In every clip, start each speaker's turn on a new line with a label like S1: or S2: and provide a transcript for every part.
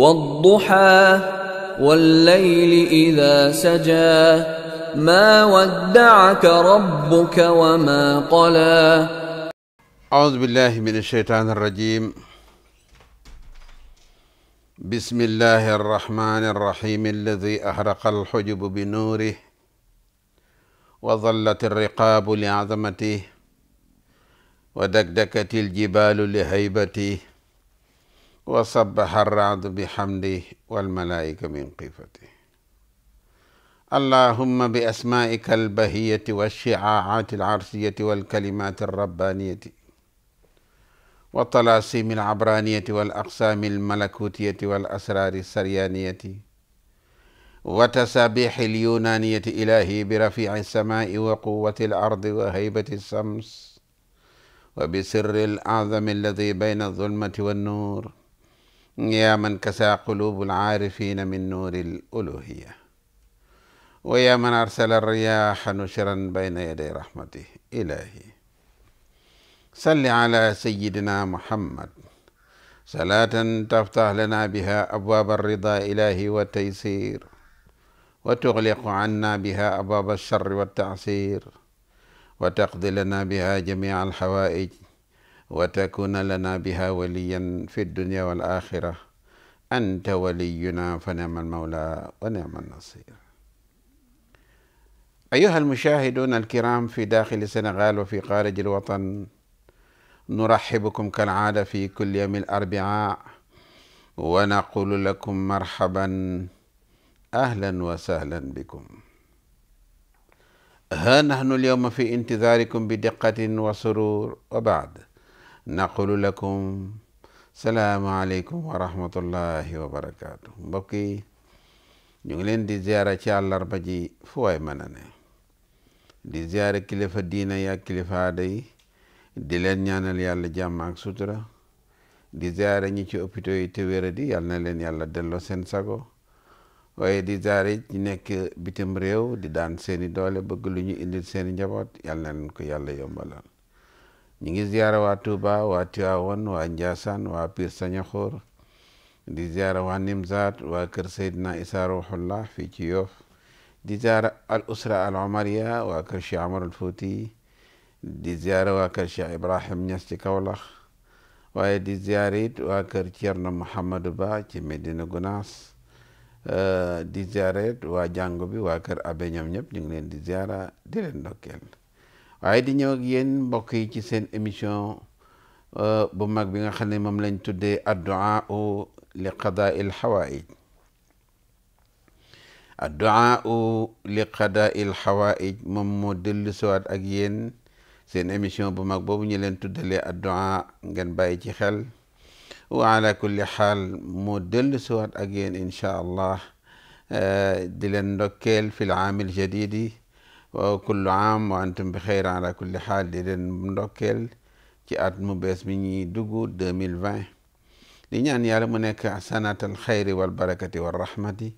S1: والضحى والليل اذا سجى ما ودعك ربك وما قلى اعوذ بالله من الشيطان الرجيم بسم الله الرحمن الرحيم الذي احرق الحجب بنوره وظلت الرقاب لعظمته ودكدكت الجبال لهيبته wa sabbaha arraadu bihamdi walmalaa'ika min xiifati allahumma bi asmaa'ika albahiyati walchiaaati alarsiyati walkalimaati alrabbaaniyati والطلاسيم العبرانية والأقسام الملكوتية والأسرار السريانية وتسابيح اليونانية إلهي برفيع السماء وقوة الأرض وهيبة الشمس وبسر الأعظم الذي بين الظلمة والنور يا من كسى قلوب العارفين من نور الألوهية ويا من أرسل الرياح نشرا بين يدي رحمته إلهي صل على سيدنا محمد صلاة تفتح لنا بها أبواب الرضا إلهي والتيسير وتغلق عنا بها أبواب الشر والتعسير وتقضي لنا بها جميع الحوائج wa takuna lana biha waliyan fi dunya wal axira anta waliyuna fa niama almawla wa niama alnasir أيها المشاهدون الكرام في داخل السنغال وفي خارج الوطن نرحبكم كالعادة في كل يوم الأربعاء ونقول لكم مرحبا أهلا وسهلا بكم ها نحن اليوم في انتظاركم بدقة وسرور وبعد naqulu lakum salaamaaleykum wa rahmatullahi wa barakaatu mbokk yi ñu ngi leen di ziara ci àllarba ji fu waay mën a ne di ziara kilifa diina yi ak kilifa aada di leen ñaanal yàlla jàmm ak sutura di ziara ñi ci hôpitaux yi te wéra di yàlla na leen yàlla delloo seen sago waaye di ziara ñi nekk bitim réew di daan seeni doole bëgg lu ñu indil seeni njaboot yàlla na leen ko yàlla yombalal ñi ngi ziyaara waa Touba waa Tiwaawan waa Njaasaan waa Pir Sañaxoor di ziyaara waa Nimzaat waa kër Seydina Isaa Ruuxullah fii ci Yoff di ziyaara al usra al omariya waa kër Cheikh Amar al di ziyaara waa kër Cheikh Ibrahim Ñas ci Kawlax waaye di ziyaara it waa kër Ceerno Mouhamadou Ba ci Medina Gunaas eh, di ziyaara it waa jàngu bi waa kër abe ñoom ñëpp ñu ngi leen di ziyaara di leen waaye di ñëw ak yéen mbokk yi ci seen émission euh, bu mag bi nga xam ne moom lañ tuddee addu'a li qadaa il qadaa il xawaa'ij moom moo dellu siwaat ak yéen seen émission bu mag boobu ñu leen tuddalee addu'a ngeen bàyyi ci xel wa ala kulli xaal moo dellu siwaat ak yéen incha allah euh, di leen ndokkeel fil aamil jadiidi wa kullu am wa bi xeyr ala kulli xaal di leen ndokkeel ci at mu bees bi ñuy dugg vingt di ñaan yàlla mu nekk sanatal xeyri wal barakati wal rahmati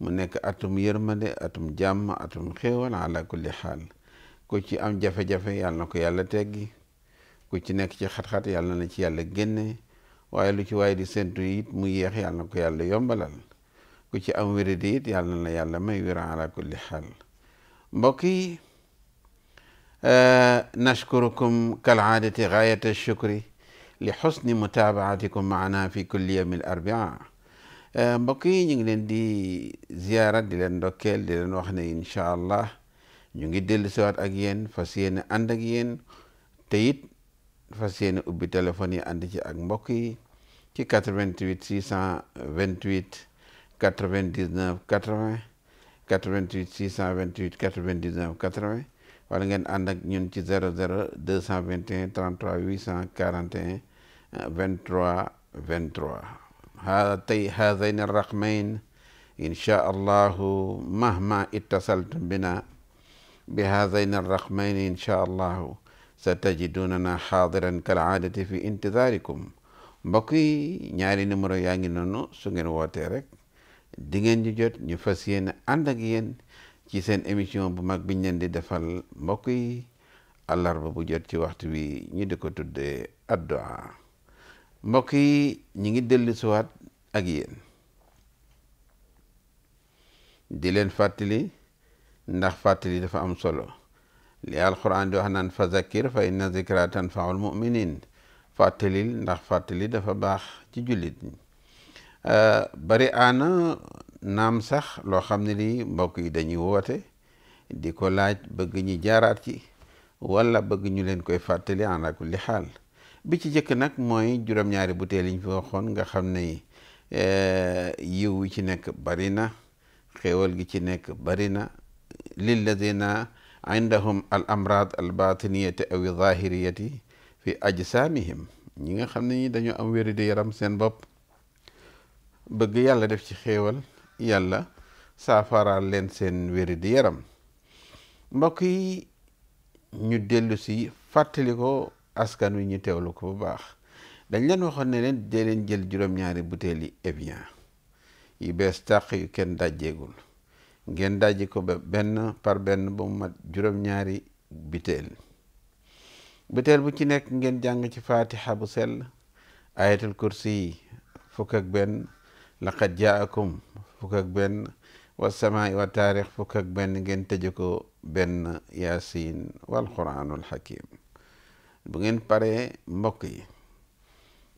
S1: mu nekk atum yërmande atum jàmm atum xéewal ala kulli xaal ku ci am jafe-jafe yàlla na ko yàlla teggi ku ci nekk ci xat-xat yàlla na ci yàlla génne waaye lu ci waaye di séntu it mu yéex yàlla na ko yàlla yombalal ku ci am wéradi it yàlla na yàlla may ala kulli xaal mbokk yi eh, nashkurukum kal aadati gaayata shukri li xusni mutaabaatikum maana fi kulli yawmi al arbia eh, mbokk yi ñu ngi leen di ziyaara di leen ndokkeel di leen wax ne incha allah ñu ngi dellu siwaat ak yéen fa yéene ànd ak yéen te it fas yéene ubbi téléphone yi ànd ci ak mbokk yi ci 88 628 99 80 88 628 99 80 wala ngeen ànd ak ñun ci 00 221 33 841 23 23 haa tey haadayn arraqmayn inchaa allahu mahma ittasaltum bina bi haadayn arraqmayn inchaa allahu kal aadati fi intidaarikum mbokk yi ñaari numéro yaa ngi noonu su ngeen wootee di ngeen ñu jot ñu fas yéene ànd ak yéen ci seen émission bu mag biñ leen di defal mbokk yi àllarba bu jot ci waxtu bi ñu di ko tuddee addu'a mbokk yi ñi ngi dellu siwaat ak yéen di leen fàttali ndax fàttali dafa am solo li alquran di wax naan fa zakir fa inna zikra tanfaul muminin fàttalil ndax fàttali dafa baax ci jullit Euh, bari aana naam sax loo xam ne lii mbokk yi dañuy woote di ko laaj bëgg ñu jaraat ci wala bëgg ñu leen koy fàttali ala kulli xaal bi ci jëkk nag mooy juróom-ñaari butéel yi ñu fi waxoon nga xam ne eh, yiw wi ci nekk bari na xéewal gi ci nekk bari na lilladina indahum al amrad al batiniyati aw zahiriyati fi ajsamihim ñi nga xam ne ñi dañoo am wéri di yaram seen bopp bëgg yàlla def ci xéewal yàlla saafaraal leen seen wéri di yaram mbokk yi ñu dellu si fàttaliko askan wi ñu teewlu ko bu baax dañ leen waxoon ne leen dee leen jël juróom-ñaari butéel yi Evian yi bees tàq yu kenn dàjjeegul ngeen dajji ko ba benn par benn ba mu mat juróom-ñaari butéel butéel bu ci nekk ngeen jàng ci faatixa bu sell ayatul kursi yi fukk benn laqad jaakum fukk ak benn wa samaai wa taarix fukk ak benn ko benn yaasin wal quraanul hakim bu ngeen paree mbokk yi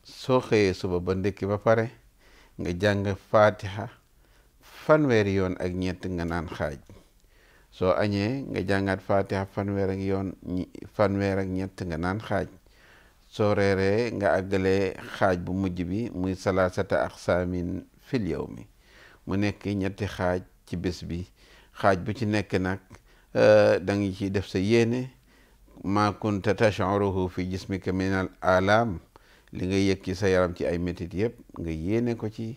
S1: soo xëyee suba ba ndékki ba pare nga jàng fatiha fanweeri yoon ñett nga naan xaaj soo añee nga yoon ak ñett nga naan xaaj soo reeree nga àggalee xaaj bu mujj bi muy salaasata aqsaamin fil yawmi mu nekk ñetti xaaj ci bés bi xaaj bu ci nekk nag euh, da nga ciy def sa yéene ma kunta tash'uruhu fi jismika min al li nga yëg ci sa yaram ci ay métit yëpp nga yéene ko ci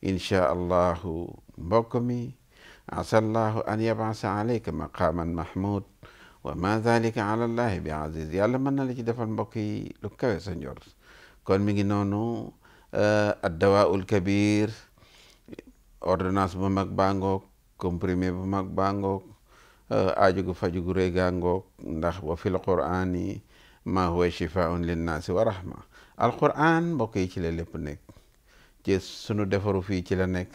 S1: incha allahu mbokk mi asa allahu an yabasa alayka maqaman mahmud wa ma dalika ala allahi bi aziz yàlla mën na la ci defal mbokk yi lu kawe sa kon mi noonu euh, ad dawaul kabir ordonnance bu mag baa ngoog comprimé bu mag baa ngoog eh, aaju gu faju gu rëy gaa ngoog ndax wa fil qur'ani ma huwa shifaun linnaasi wa rahma alquran mbokk yi ci la lépp nekk ci sunu defaru fii ci la nekk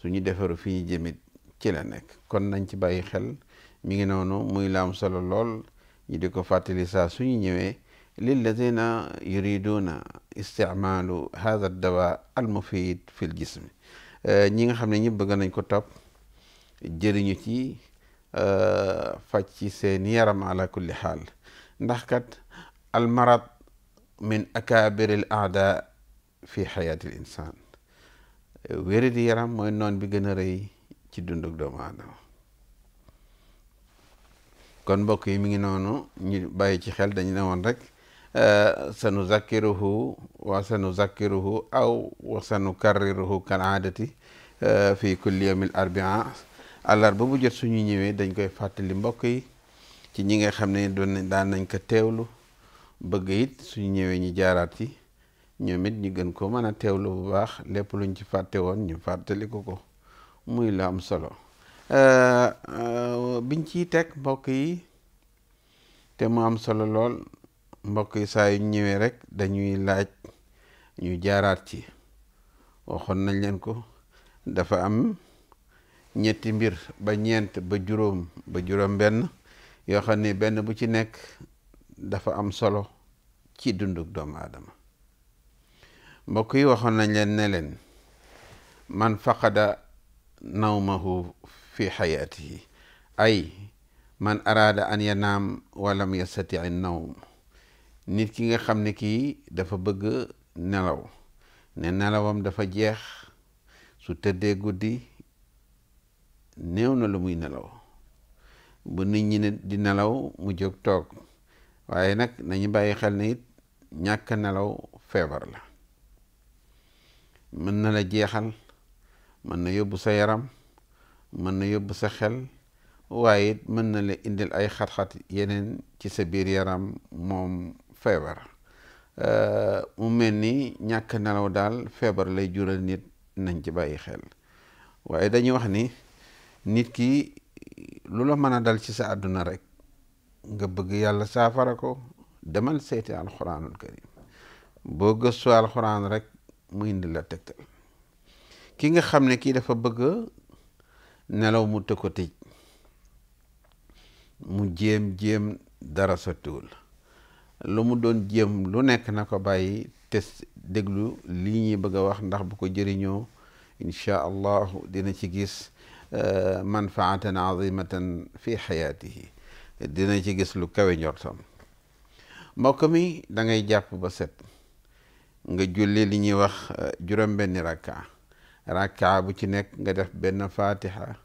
S1: suñu defaru fii jëmit ci la nekk kon nañ ci bàyyi xel mi ngi noonu mu la laam solo lool ñu di ko fàttali saa suñu ñëwee lilladina yuriduna isticmaalu hada dawa al mufid fi jismi Euh, ñi nga xam ne ñi bëgg nañ ko topp jëriñu ci euh, faj ci seen yaram ala kulli xaal ndax kat almarad min akaabir aada fi xayaati l insaan wéri yaram mooy noon bi gën a rëy ci dundug doomu aadama kon mbokk yi mi ngi noonu ñu bàyyi ci xel dañu ne woon rek Eh, sa nu zakkiruhu wa sa nu zakkiruhu aw wa sa nu karriruhu kan aadati eh, fii kulli yawmil arbien àllarba bu jot su suñu ñëwee dañ koy fàttali mbokk yi ci ñi nga xam ne doon nañ daan nañ ko teewlu bëgg it suñu ñëwee ñu jaaraat ci ñoom it ñu gën ko mën a teewlu bu baax lépp luñ ci fàtte woon ñu fàttali ko ko mu la am solo eh, biñ ciy teg mbokk yi te mu am solo lool mbokk yi saa yu ñëwee rek dañuy laaj ñu jaaraat ci waxoon nañ leen ko dafa am ñetti mbir ba ñeent ba juróom ba juróom benn yoo xam ne benn bu ci nekk dafa am solo ci dunduk doomu aadama mbokk yi waxoon nañ leen ne leen man faqada nawmahu fi yi ay man araada an walla walam yastati an nawm nit ki nga xam ne kii dafa bëgg nelaw ne nelawam dafa jeex su tëddee guddi néew na lu muy nelaw bu nit ñi ne di nelaw mu jóg toog waaye nag nañu bàyyi xel na it ñàkk nelaw feebar la mën na la jeexal mën na yóbbu sa yaram mën na yóbbu sa xel waaye it mën na la indil ay xat-xat yeneen ci sa biir yaram moom feebar eh, mu mel ni ñàkk nelaw daal feebar lay jural nit nañ ci bàyyi xel waaye dañuy wax ni nit ki lu la mën a dal ci sa àdduna rek nga bëgg yàlla saafara ko demal seeti alxuraanul karim boo gëstu alxuraan rek mu indi la tegtal ki nga xam ne kii dafa bëgg nelaw mu të ko tëj mu jéem jéem dara sa tuul lu mu doon jëm lu nekk na ko bàyyi te déglu lii ñuy bëgg a wax ndax bu ko jëriñoo inchaa allahu dina ci gis euh, manfaatan azimatan fi xayaatihi dina ci gis lu kawe njortam mbokk mi dangay jàpp ba set nga julli li ñuy wax euh, juróom-benni rakka rakka bu ci nekk nga def benn fatiha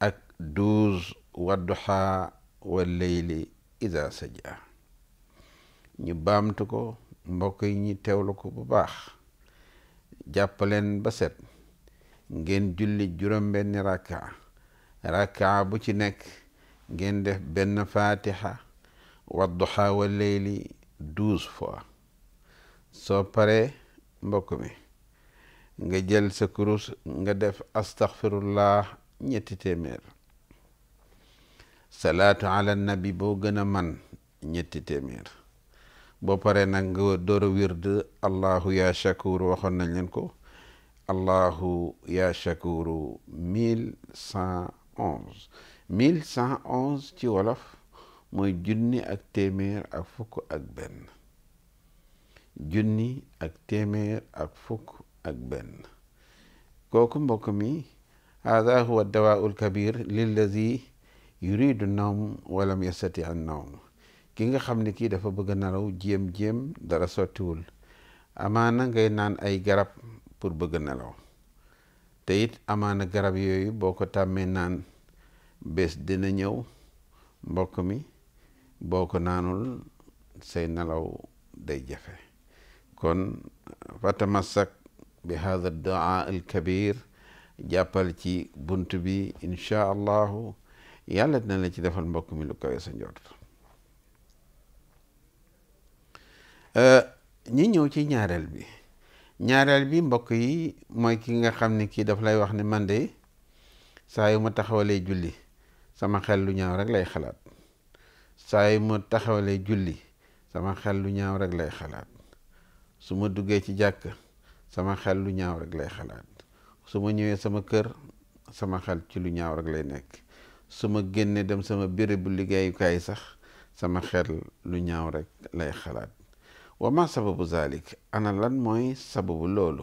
S1: ak douze wadduha wa leyli ida saja ñu baamtu ko mbokk yi ñu teewlu ko bu baax jàppaleen ba set ngeen julli juróom-benni rakka rakka bu ci nekk ngeen def benn fatiha wadduha wa leyli douze soo paree mbokk mi nga jël sa kurus nga def astaghfirullah ñetti téeméer salaatu ala nabi boo gën a man ñetti téeméer boo paree nag door a wird allahu ya shakur waxoon nañ leen ko allahu ya shakuru mil cent onze mille cent onze ci wolof mooy junni ak téeméer ak fukk ak benn junni ak téeméer ak fukk ak benn kooku mbokk mi hada huwa dawaul kabir lillazi yuridu nawm walam yastati an ki nga xam ne kii dafa bëgg a nelaw jéem-jéem dara sottiwul amaana ngay naan ay garab pour bëgg nelaw te it amaana garab yooyu boo ko tàmmee naan bés dina ñëw mbokk mi boo ko naanul say nelaw day jafe kon fatamassak bi hada daa al kabir jàppal ci bunt bi inchaa allahu yàlla dina la ci defal mbokk mi lu koy sa Euh, ñi ñëw ci ñaareel bi ñaareel bi mbokk yi mooy ki nga xam ni kii daf lay wax ni man de saa yu ma taxawalee julli sama xel lu ñaaw rek lay xalaat saa yu ma taxawalee julli sama xel lu ñaaw rek lay xalaat su ma duggee ci jàkk sama xel lu ñaaw rek lay xalaat su ma ñëwee sama kër sama xel ci lu ñaaw rek lay nekk su ma génnee dem sama bérébu liggéeyukaay sax sama xel lu ñaaw rek lay xalaat wa ma sababu zalik ana lan mooy sababu loolu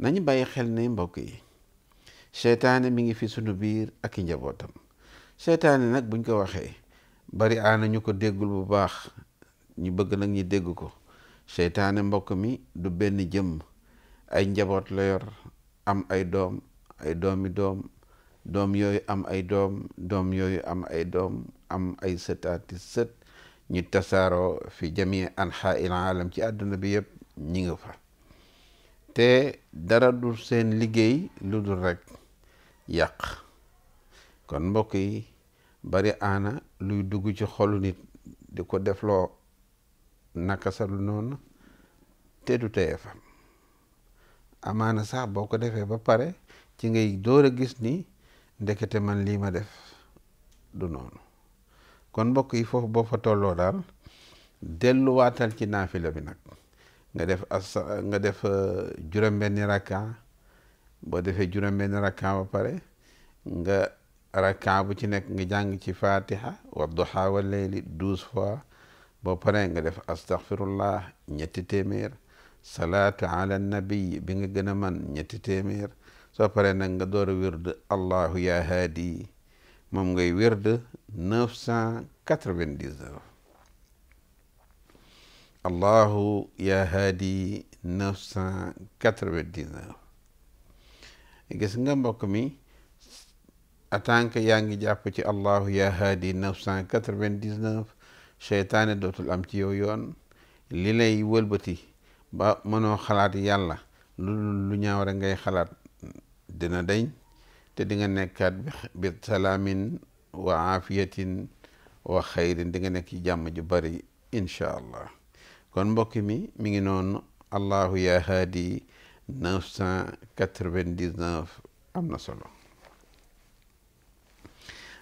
S1: nañu bàyyi xel ne mbokk yi seytaane mi ngi fi sunu biir ak i njabootam seetaane nag buñ ko waxee bari aana ñu ko déggul bu baax ñu bëgg nag ñu déggu ko seetaane mbokk mi du benn jëm ay njaboot la yor am ay doom ay doomi doom doom yooyu am ay doom doom yooyu am ay doom am ay sëtaati sët ñu tasaaroo fi jamii anha il alam ci àdduna bi yëpp ñi nga fa te dara du seen liggéey lu dul rekk yàq kon mbokk yi bari aana luy dugg ci xolu nit di ko defloo naka sa lu noonu te du teye fa amaana sax boo ko defee ba pare ci ngay door a gis ni ndekete man lii ma def du noonu kon mbokk yi foofu boo fa tolloo daal delluwaatal ci naafila bi nag nga def as nga def euh, juróom-benni rakka boo defee juróom-benni ba pare nga rakka bu ci nekk nga jàng ci fatiha wa duha wa leyli douze fois bo paree nga def astaghfirullah ñetti téeméer salaatu ala nabi bi nga gën a man ñetti téeméer so pare nag nga door a wird allahu ya haadi moom ngay wérd neuf cent quatre-vingt-dix-neuf allahu ya haadi neuf cent quatre-vingt-dix-neuf gis nga mbokk mi en tant que yaa ngi jàpp ci allahu ya haadi neuf cent quatre-vingt-dix-neuf seytaane dootul am ci yow yoon li lay wëlbati ba mënoo xalaat yàlla lu lu ñaaw rek ngay xalaat dina deñ te dinga nga nekkaat bi salaamin wa aafiyatin wa xayrin di nga nekk ci jàmm ju bari incha allah kon mbokk mi mi ngi noonu allahu yaa haadi 999 am na solo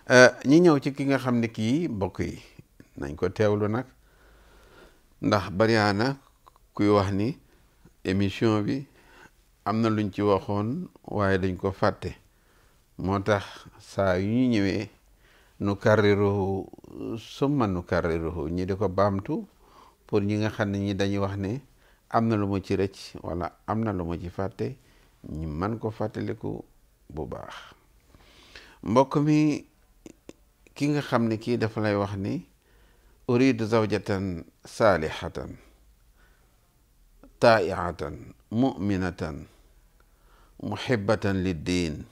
S1: euh, ñi ñëw ci ki nga xam ni kii mbokk yi nañ ko teewlu nag ndax bariyaana kuy wax ni émission bi am na luñ ci waxoon waaye dañ ko fàtte moo tax saa yu ñu ñëwee nu karriruhu summa nu karriruhu ñi di ko baamtu pour ñi nga xam ne ñi dañuy wax ne am na lu ma ci rëcc wala am na lu ma ci fàtte ñi man ko ku bu baax mbokk mi ki nga xam ni kii dafa lay wax ni uridu zawjatan saalihatan taa'iatan mu'minatan muhibbatan lid diin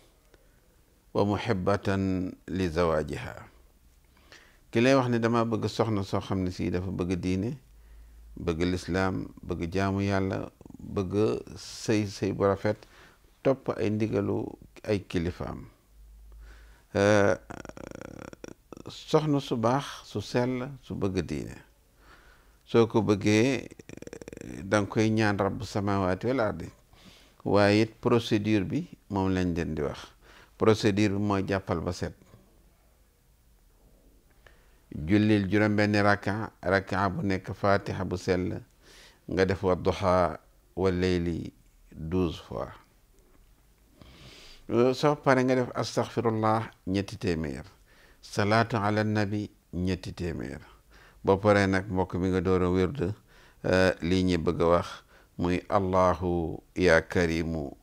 S1: wa muhibbatan li zawaajiha ki lay wax ni damaa bëgg soxna soo xam ne sii dafa bëgg diine bëgg lislaam bëgg jaamu yàlla bëgg sëy sëy bu rafet topp ay ndigalu ay kilifaam soxna su baax su sell su bëgg diine soo ko bëggee da koy ñaan rabb samawaati waaye it procédure bi moom lañ leen di wax procédure bi mooy jàppal ba set jullil juróom-benni raka raka bu nekk fatiha bu sell nga def wa duha wa leyli douze fois soo pare nga def astaghfirullah ñetti téeméer salaatu ala nabi ñetti téeméer ba pare nag mbokk mi nga door a wérd eh, lii ñu bëgg a wax muy allahu ya karimu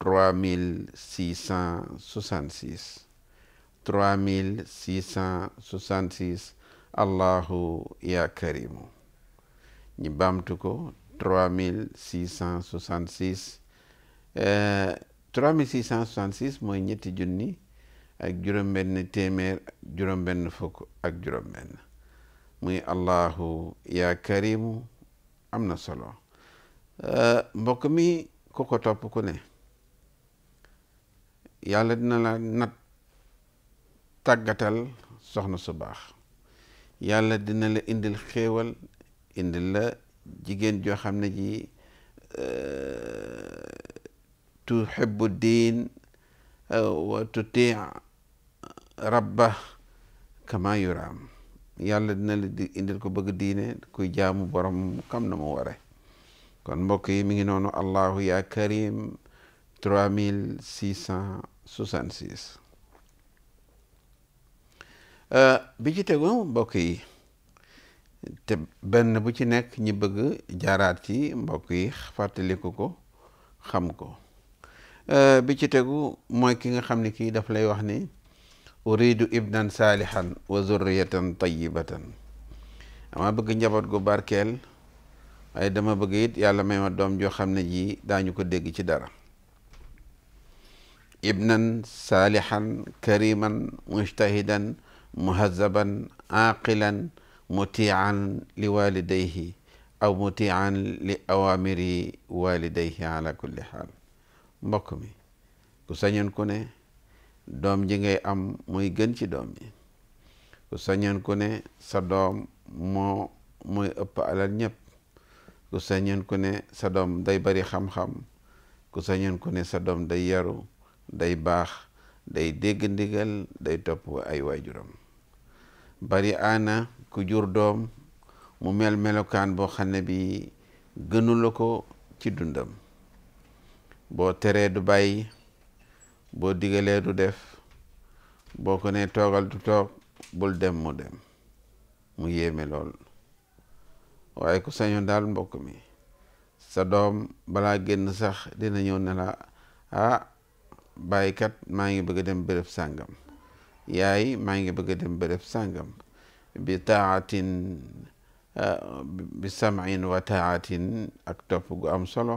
S1: trois mille six cent soixante six trois mille six cent soixante six allahu ya karimu ñi bamtu ko trois mille six cent soixante six eh, trois mille six cent soixante six mooy ñetti junni ak juróom-benn téeméer juróom-benn fukk ak juróom-benn allahu ya karimu am na solo eh, mbokk mi ku ko topp ku ne yàlla dina la nat tàggatal soxna su baax yàlla dina la indil xéewal indil la jigéen joo xam ne ji euh, tuhibbu diin euh, wa tuti rabba kama yuraam yàlla dina la di indil ko bëgg diine kuy jaamu borom kam na mu ware kon mbokk yi ngi noonu allahu ya karim trois mille six cent bi ci tegu mbokk yi te benn bu ci nekk ñi bëgg jaraat ci mbokk yi fàttaliku ko xam ko eh, bi ci tegu mooy ki nga xam ne kii daf lay wax ni uridu ibnan saalihan wa zurriyatan tayyibatan dama bëgg njaboot gu barkeel waaye dama bëgg it yàlla may ma doom joo xam ne ji daañu ko dégg ci dara ibnan salihan kariman mujtahidan muhazaban aqilan mutian li walidayhi aw mutian li awamiri walidayhi ala kulli xaal mbokk mi ku sañoon ku doom ji ngay am muy gën ci doom yi ku sañoon ku sa doom moo muy ëpp alal ñëpp ku sañoon ku sa doom day bari xam-xam ku sañoon ku sa doom day yaru day baax day dégg ndigal day topp ay waajuram bari aana ku jur doom mu mel melokaan boo xam ne bi gënula ko ci dundam boo teree du bàyyi boo digalee du def boo ko ne toogal du toog bul dem mu dem mu yéeme lool waaye ku sañu daal mbokk mi sa doom balaa génn sax dina ñëw ne la ah, baay kat maa ngi bëgg a dem bërëb sàngam yaay maa ngi bëgg a dem bërëb sàngam bi taatin ah, bi samain wa taatin ak topp gu am solo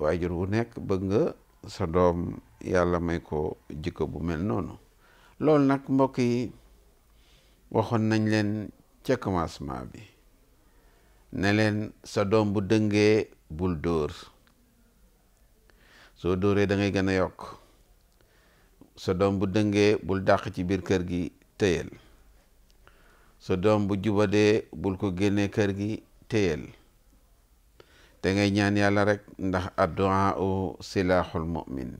S1: waajur wu nekk bëgg nga sa doom yàlla may ko jikko bu mel noonu loolu nag mbokk yi waxoon nañ leen ca commencement bi ne leen sa doom bu dëngee bul dóor soo dooree dangay gën a yokk sa doom bu dëngee bul dàq ci biir kër gi téyel sa doom bu jubadee bul ko génnee kër gi téyel te ngay ñaan yàlla rek ndax addu'a u silaaxul mu'min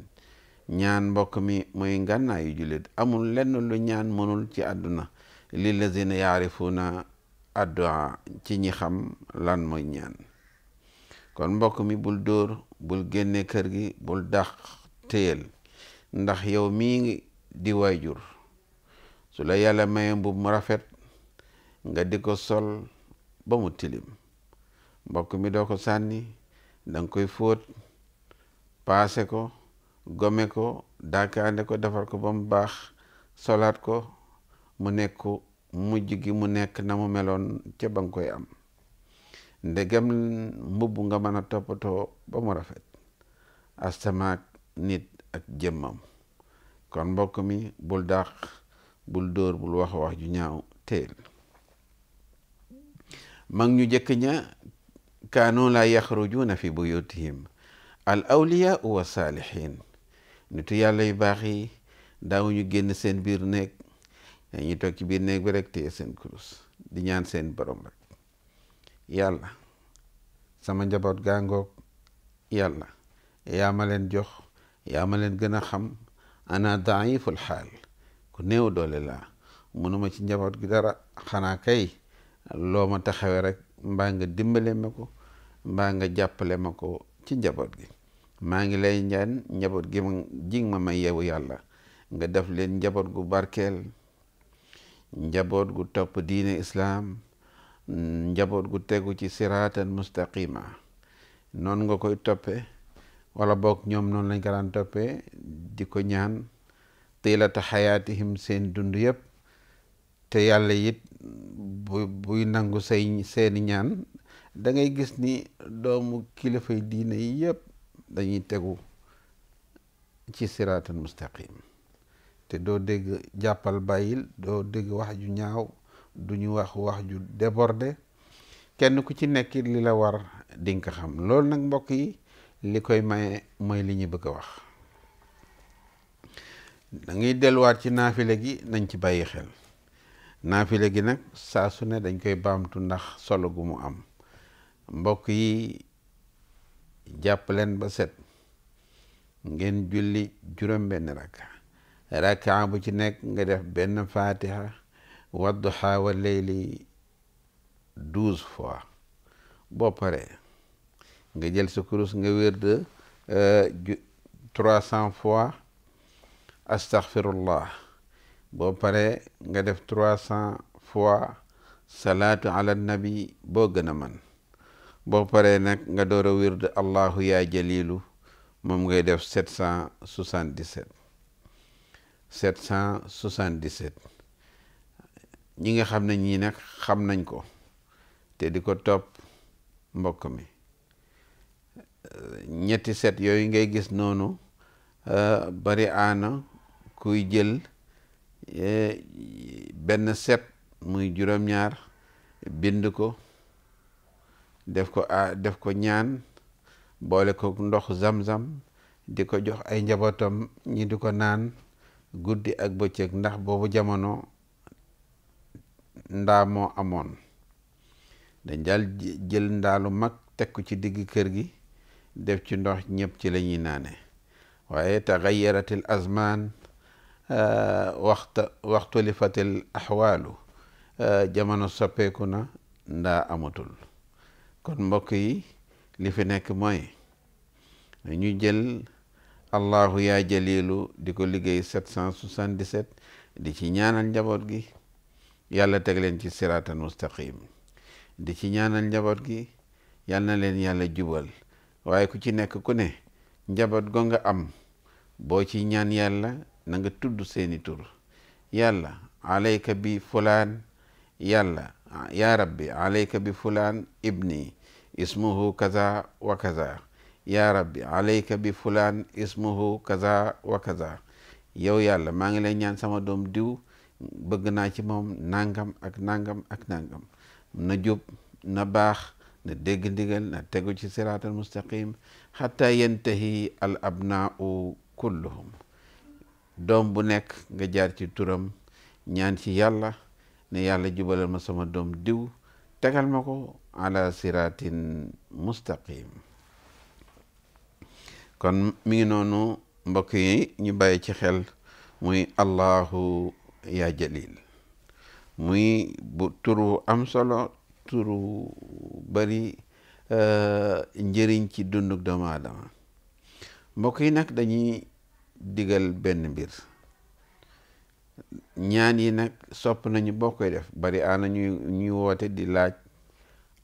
S1: ñaan mbokk mi mooy ngànnaayu jullit amul lenn lu ñaan mënul ci àdduna lillazina yaarifuuna addu'a ci ñi xam lan mooy ñaan kon mbokk mi bul dóor bul génne kër gi bul dàq téyel ndax yow mii di waajur su la yàlla maye mbub mu rafet nga di ko sol ba mu tilim mbokk mi doo ko sànni danga koy fóot paase ko gome ko daakaande ko defar ko ba mu baax solaat ko mu nekk mujj gi mu nekk na mu meloon ca ba nga koy am ndegem mbubb nga mën a toppatoo ba mu rafet astamaak nit ak jëmmam kon mbokk mi bul dàq bul dóor bul wax wax ju ñaaw teel mag ñu jëkk ña kaanu la yaxrujuuna fi buyutihim al awliya wa saalihin nitu yàlla yu baax yi daaw ñu génn seen biir néeg ñu toog ci biir néeg bi rek téye seen kurus di ñaan seen borom rek yàlla sama njaboot gaangoog yàlla yaa ma leen jox yaa ma leen gën a xam ana daiful xaal ku néew doole laa mënuma ci njaboot gi dara xanaa kay loo ma taxawe rek mbaa nga dimbale ma ko mbaa nga jàppale ma ko ci njaboot gi maa ngi lay ñaan njaboot gi ma ma ma yewu yàlla nga def leen njaboot gu barkeel njaboot gu topp diin islaam njaboot gu tegu ci siratan mustaqima noon nga koy toppe wala boog ñoom noonu lañ ko daan toppe di ko ñaan tiilata xayaatihim seen dund yëpp te yàlla it buy nangu seeni ñaan dangay gis ni doomu kilifay diine yi yëpp dañuy tegu ci siratan mustaqim te doo dégg jàppal bàyyil doo dégg wax ju ñaaw du ñu wax wax ju deborde kenn ku ci nekk li la war di nga xam loolu nag mbokk yi li koy maye mooy li ñu bëgg a wax da ngay delluwaat ci naafile gi nañ ci bàyyi xel naafile gi nag saa su ne dañ koy baamtu ndax solo gu mu am mbokk yi jàpp leen ba set ngeen julli juróom benn rakka rakka bu ci nekk nga def benn faatiha wadduha wa leyli douze fois boo paree nga jël sa kurus nga wérde euh, trois cent fois astaghfirullah boo pare nga def trois cent fois salaatu ala nabi boo gën a man boo paree nag nga door a wérde allahu yaa jalilu moom ngay def sept cent soixante-dix-sept sept cent soixante-dix-sept ñi nga xam ne ñii nag xam nañ ko te di ko topp mbokk mi euh, ñetti set yooyu ngay gis noonu euh, bari aana kuy jël euh, benn set muy juróom-ñaar bind ko def ko ah, def ko ñaan boole ko ndox zam-zam di ko jox ay njabootam ñi di ko naan guddi ak bëccëg ndax boobu jamono ndaa moo amoon dañ daal jël ndaalu mag teg ci diggu kër gi def ci ndox ñëpp ci la ñuy naane waaye taxayaratil azmaan euh, waxta waxtulifatil axwaalu euh, jamono soppeeku na ndaa amatul kon mbokk yi li fi nekk mooy ñu jël allahu yaa jalilu di ko liggéey 777 di ci ñaanal njaboot gi yàlla teg leen ci siratan mustaqim di ci ñaanal njaboot gi yal na leen yàlla jubal waaye ku ci nekk ku ne njaboot go nga am boo ci ñaan yàlla na nga tudd seeni tur yàlla alayka bi fulaan yàlla yaa rabbi alayka bi fulaan ibni ismuhu kaza wa kaza yaa rabbi alayka bi fulaan ismuhu kaza wa kaza yow yàlla maa ngi lay ñaan sama doom diw bëgg naa ci moom nangam ak nangam ak nangam na jub na baax na dégg ndigal na tegu ci siraatal mustaqim xataa yantahi al abnaau kulluhum doom bu nekk nga jaar ci turam ñaan ci yàlla ne yàlla jubalal ma sama doom diw tegal ma ko ala siraatin mustaqim kon mi ngi noonu mbokk yi ñu bàyyi ci xel muy allahu yaa jalil muy bu turu am solo turu bari eh, njëriñ ci dunduk doomu aadama mbokk yi nag dañuy digal benn mbir ñaan yi nag sopp nañu boo koy def bari aana ñuy woote di laaj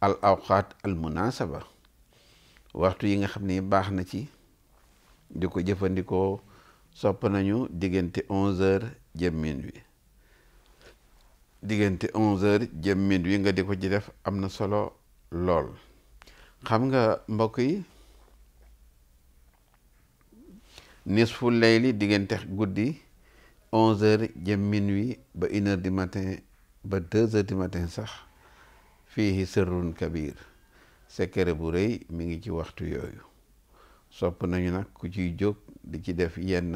S1: al awqaat al munasaba waxtu yi nga xam ne baax na ci di ko jëfandikoo sopp nañu diggante onze heures jëm minuit diggante onze heures jëm minuit nga di ko ci def am na solo lool xam nga mbokk yi nisfu layli diggante guddi onze heures jëm wi ba une heure du matin ba deux heures du matin sax fii sërrun kabir secret bu rëy mi ngi ci waxtu yooyu sopp nañu nag ku ciy jóg di ci def yenn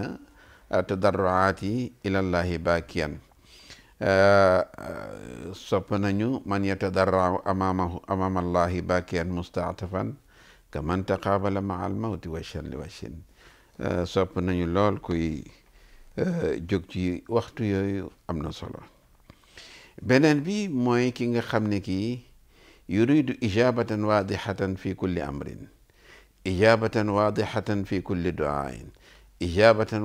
S1: tadarruaat yi ilallahi baakiyan Eh, eh, sopp nañu man yatadarra amaamahu amaamallahi bakiyan mustaatafan ka man taqaabala maa almawti wachan li wachin eh, sopp nañu lool kuy jóg ci waxtu yooyu am na solo beneen bi mooy ki nga xam ne kii yuridu ijabatan waadixatan fi kulli amrin ijabatan waadixatan fi kulli duaain ijabatan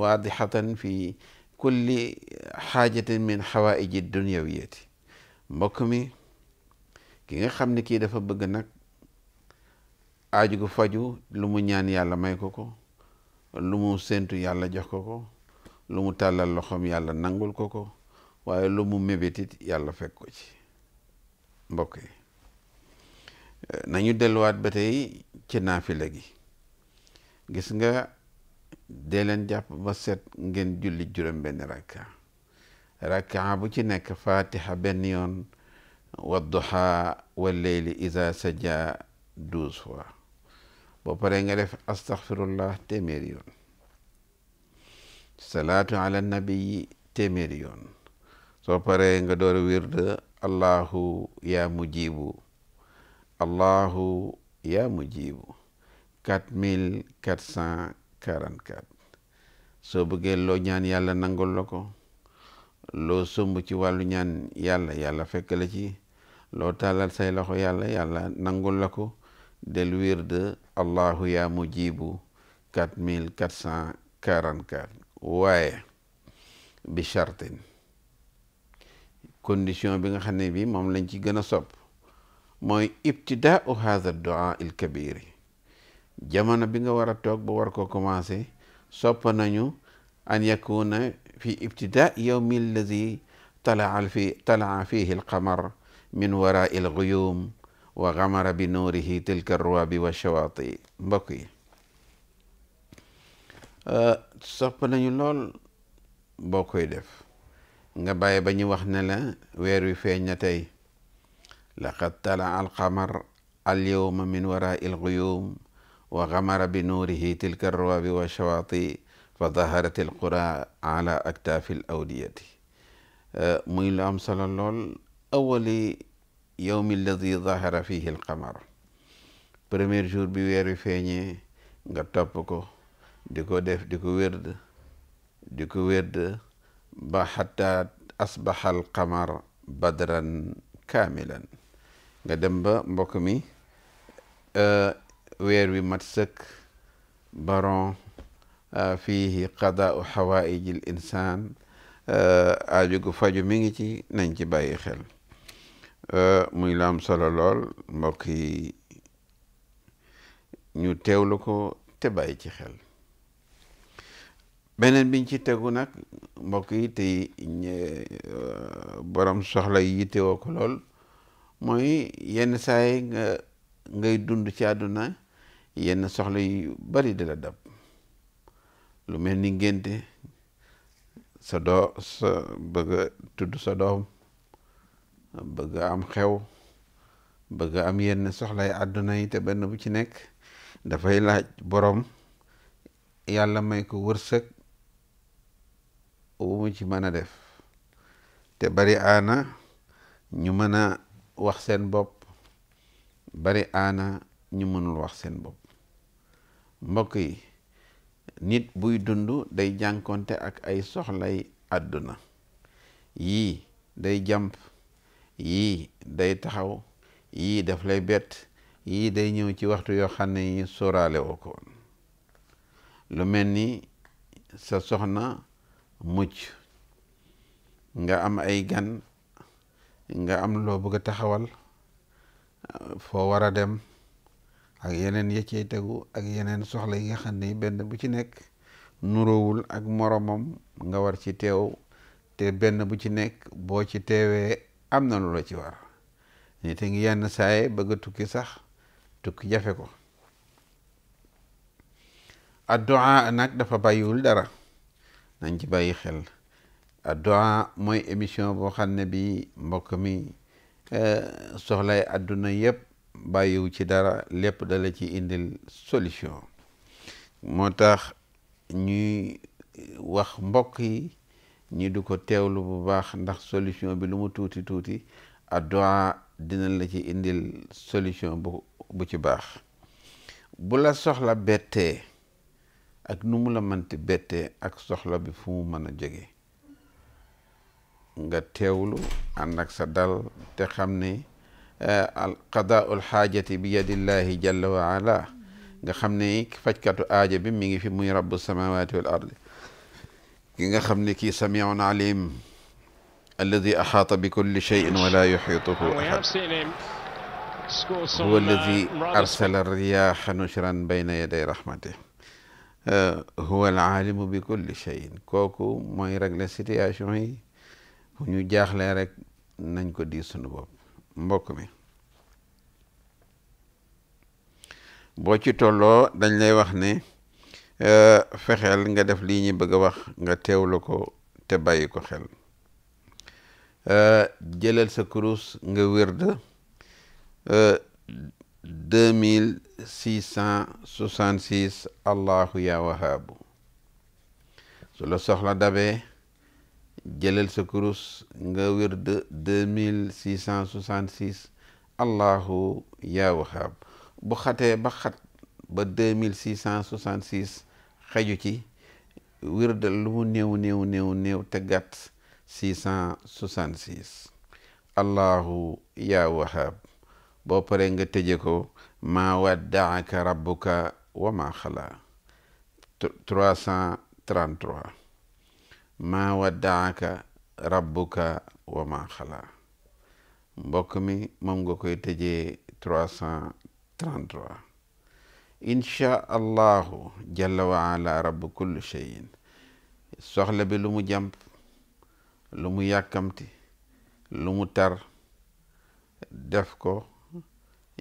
S1: waadixatan fi kulli xaajatin min xawaaiji dunyawiyati mbokk mi ki nga xam ne kii dafa bëgg nag aaju gu faju lu mu ñaan yàlla may ko ko lu mu séntu yàlla jox ko ko lu mu tàllal loxoom yàlla nangul ko ko waaye lu mu mébétit yàlla fekk ko ci mbokk yi eh, nañu delluwaat ba tey ci naafila gi gis nga dee leen jàpp ba set ngeen julli juróom benn rakka rakka bu ci nekk fatiha benn yoon wadduha walleyli isa saja douze fois boo paree nga def astaghfirullah téeméeri yoon salaatu ala nabii téeméeri yoon soo paree nga door wirde allahu yaa mujibu allahu yaa mujibu quatre mille quatre cent 44 soo bëggee loo ñaan yàlla nangul la ko loo sumb ci wàllu ñaan yàlla yàlla fekk la ci loo tàllal say loxo yàlla yàlla nangul la ko del wirde allahu yaa mujibu 4444 waaye bi chartin condition bi nga xam ne bi moom lañ ci gën a sopp mooy ibtidaau hatha doa il kabiri jamono bi nga war a toog ba war koo commencé sopp nañu an yakuna fi ibtida yowmi allazi talaa fi talaa fihi alqamar min warai alxuyum wa gamara bi nuurihi tilka ruwabi wa shawaati mbokk yi euh, sopp nañu lool boo koy def nga bàyyi ba ñu wax ne la weer wi feeñ na tey laqad talaa alqamar alyowma min warai alxuyum wa gamara bi nuurihi tilka arwaabi wa shawaati fa daharat al qura ala aktaafi al awdiyati muy lu am solo lool awali yowmi alladi dahara fihi al qamar premier jour bi weer wi feeñee nga topp ko di ko def di ko wérd di ko wérd ba xataa asbaxa al qamar badran kaamilan nga dem ba mbokk mi weer wi mat sëkk baron euh, fiihi qadaau xawaijil insaan euh, aaju gu faju mi ngi ci nañ ci bàyyi xel euh, muy la am solo lool mbokk yi ñu teewlu ko te bàyyi ci xel beneen biñ ci tegu nag mbokk yi te borom soxla yi yittewoo ko lool mooy yenn saay nga ngay dund ci àdduna yenn soxla yu bari di la dab lu mel ni ngénte sa doo sa bëgg tudd sa doom bëgg am xew bëgg am yenn soxlay àdduna yi te benn bu ci nekk dafay laaj borom yàlla may ko wërsëg bu mu ci mën a def te bari aana ñu mën a wax seen bopp bari aana ñu mënul wax seen bopp mbokk yi nit buy dund day jànkonte ak ay soxlay àdduna yii day jàmp yii day taxaw yii daf lay bett yii day ñëw ci waxtu yoo xam ne yi soraalewoo ko lu mel ni sa soxna mucc nga am ay gan nga am loo bëgg a taxawal foo war a dem ak yeneen ya cay tegu ak yeneen soxla yi nga xam ne benn bu ci nekk nuroowul ak moromam nga war ci teew te benn bu ci nekk boo ci teewee am na lu ci war ni te ngi yenn saaye bëgg a tukki sax tukki jafe ko addu'a nag dafa bàyyiwul dara nañ ci bàyyi xel addu'a mooy émission boo xam ne bi mbokk mi eh, soxlay adduna yépp bàyyiwu ci dara lépp dala ci indil solution moo tax ñuy wax mbokk yi ñi du ko teewlu bu baax ndax solution bi lu mu tuuti tuuti addu'a dina la ci indil solution bu ci baax bu la soxla bettee ak nu mu la mënti bettee ak soxla bi fu mu mën a jege nga teewulu ànd ak sa dal te xam ne Eh, al qadaau alxaajati bi yadillahi jalla wa ala nga xam ne fajkatu aaja bi mi ngi fi muy rabbu samawati wal ardi ki nga xam ne kii samiun alim alladi axaata bi kulli cheyin wala yuxiituhu ahad huwa alladi uh, arsala riyaha nushran bayna yaday rahmatih eh, huwa al aalimu bi kulli cheyin kooku mooy régler situation yi fu ñu jaaxlee rek nañ ko di sunu bopp mbokk mi boo ci tolloo dañ lay wax ne euh, fexeel nga def lii ñu bëgg a wax nga teew teewlu ko te bàyyi ko xel euh, jëlal sa kurus nga wérd euh, deux mille six cent soixante six allahu ya wahaabu su la soxla dabee jëlal sa kurus nga wird deux mille six cent soixante six allahu yaa wahaab bu xatee ba xat ba deux mille six cent soixante six xaju ci wirdal lu new néew néew néew néew te gàtt allahu yaa wahaab boo paree nga tëje ko maa waddaaka rabbuka wa maa xalaa trois cent trente-trois maa waddaaka rabbuka wa maa xalaa mbokk mi moom nga koy tëjee 333 inchaa allahu jalla wa ala rabbu kulli cheyin soxla bi lu mu jàmp lu mu yàkkamti lu mu tar def ko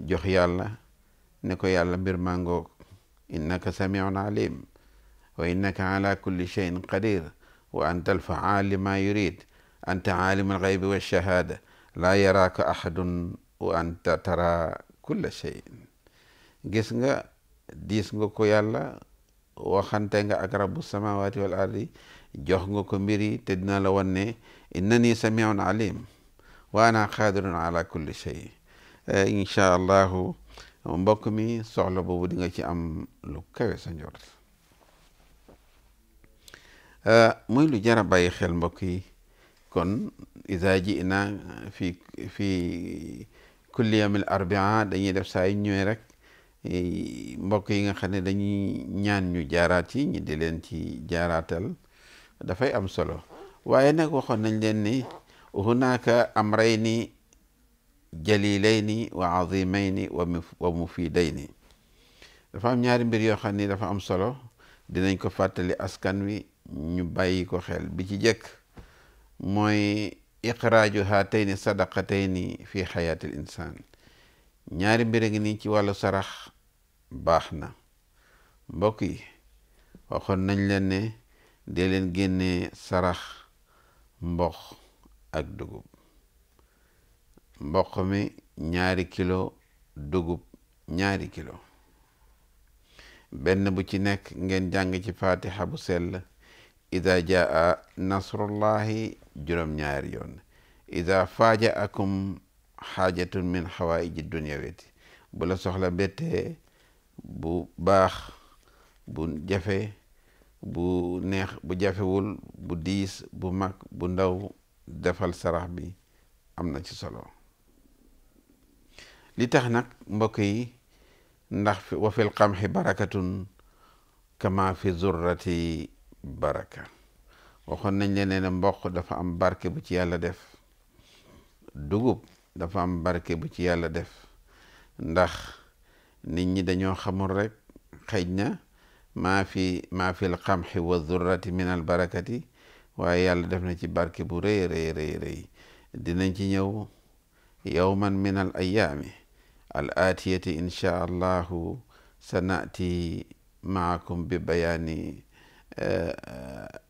S1: jox yàlla ne ko yàlla mbir màngoog innaka samiun alim wa innaka ala kulli cheyin qadir wa anta alfaal lima yurid anta aalimu alxaybi walchahaada laa yaraaka ahadun wa anta tara kulla shay gis nga dis nga ko yàlla waxante nga ak rabbu samawati wal ardi nga ko mbiri te dina la wan ne innani samiun alim wa ana ala kulli shay incha allahu mbokk mi soxla boobu di nga ci am lu kawe sa njort Euh, muy lu jar a bàyyi xel mbokk yi kon isa ji na fi fi kulli yamil arbia dañuy def saa yu rek mbokk yi nga xam ne dañuy ñaan ñu jaaraat yi ñu di leen ci jaaraatal dafay am solo waaye nag waxoon nañ leen ni hunaka amrayni jalilayni wa azimayni wa mufidayni dafa am ñaari mbir yoo xam ni dafa am solo dinañ ko fàttali askan wi ñu bàyyi ko xel bi ci jëkk mooy iqraaju haatayni sadaqatayni fi xayaatil insaan ñaari mbir ngi nii ci wàllu sarax baax na mbokk yi waxoon nañ leen ne dee leen génnee sarax mboq ak dugub mboq mi ñaari kilo dugub ñaari kilo benn bu ci nekk ngeen jàng ci faatixa bu sell ida jaa nasrullahi juróom-ñaari yoon ida fajaakum xaajatun min xawaaiji dunyaweti bu la soxla bettee bu baax bu jafe bu neex bu jafewul bu diis bu mag bu ndaw defal sarax bi am na ci solo li tax nag mbokk yi ndax wa fil qamxi barakatun kama fi zurrati baraka waxon nañ le ne mboq dafa am barke bu ci yàlla def dugub dafa am barke bu ci yàlla def ndax nit ñi dañoo xamul rek xëj na maa fi maa fi xamxi wa zurrati min al barakati waaye yàlla def na ci barke bu rëy rëy rëy rëy dinañ ci ñëw yowman min al ayaami al aatiyati inchaa allahu sa maakum bi bayaani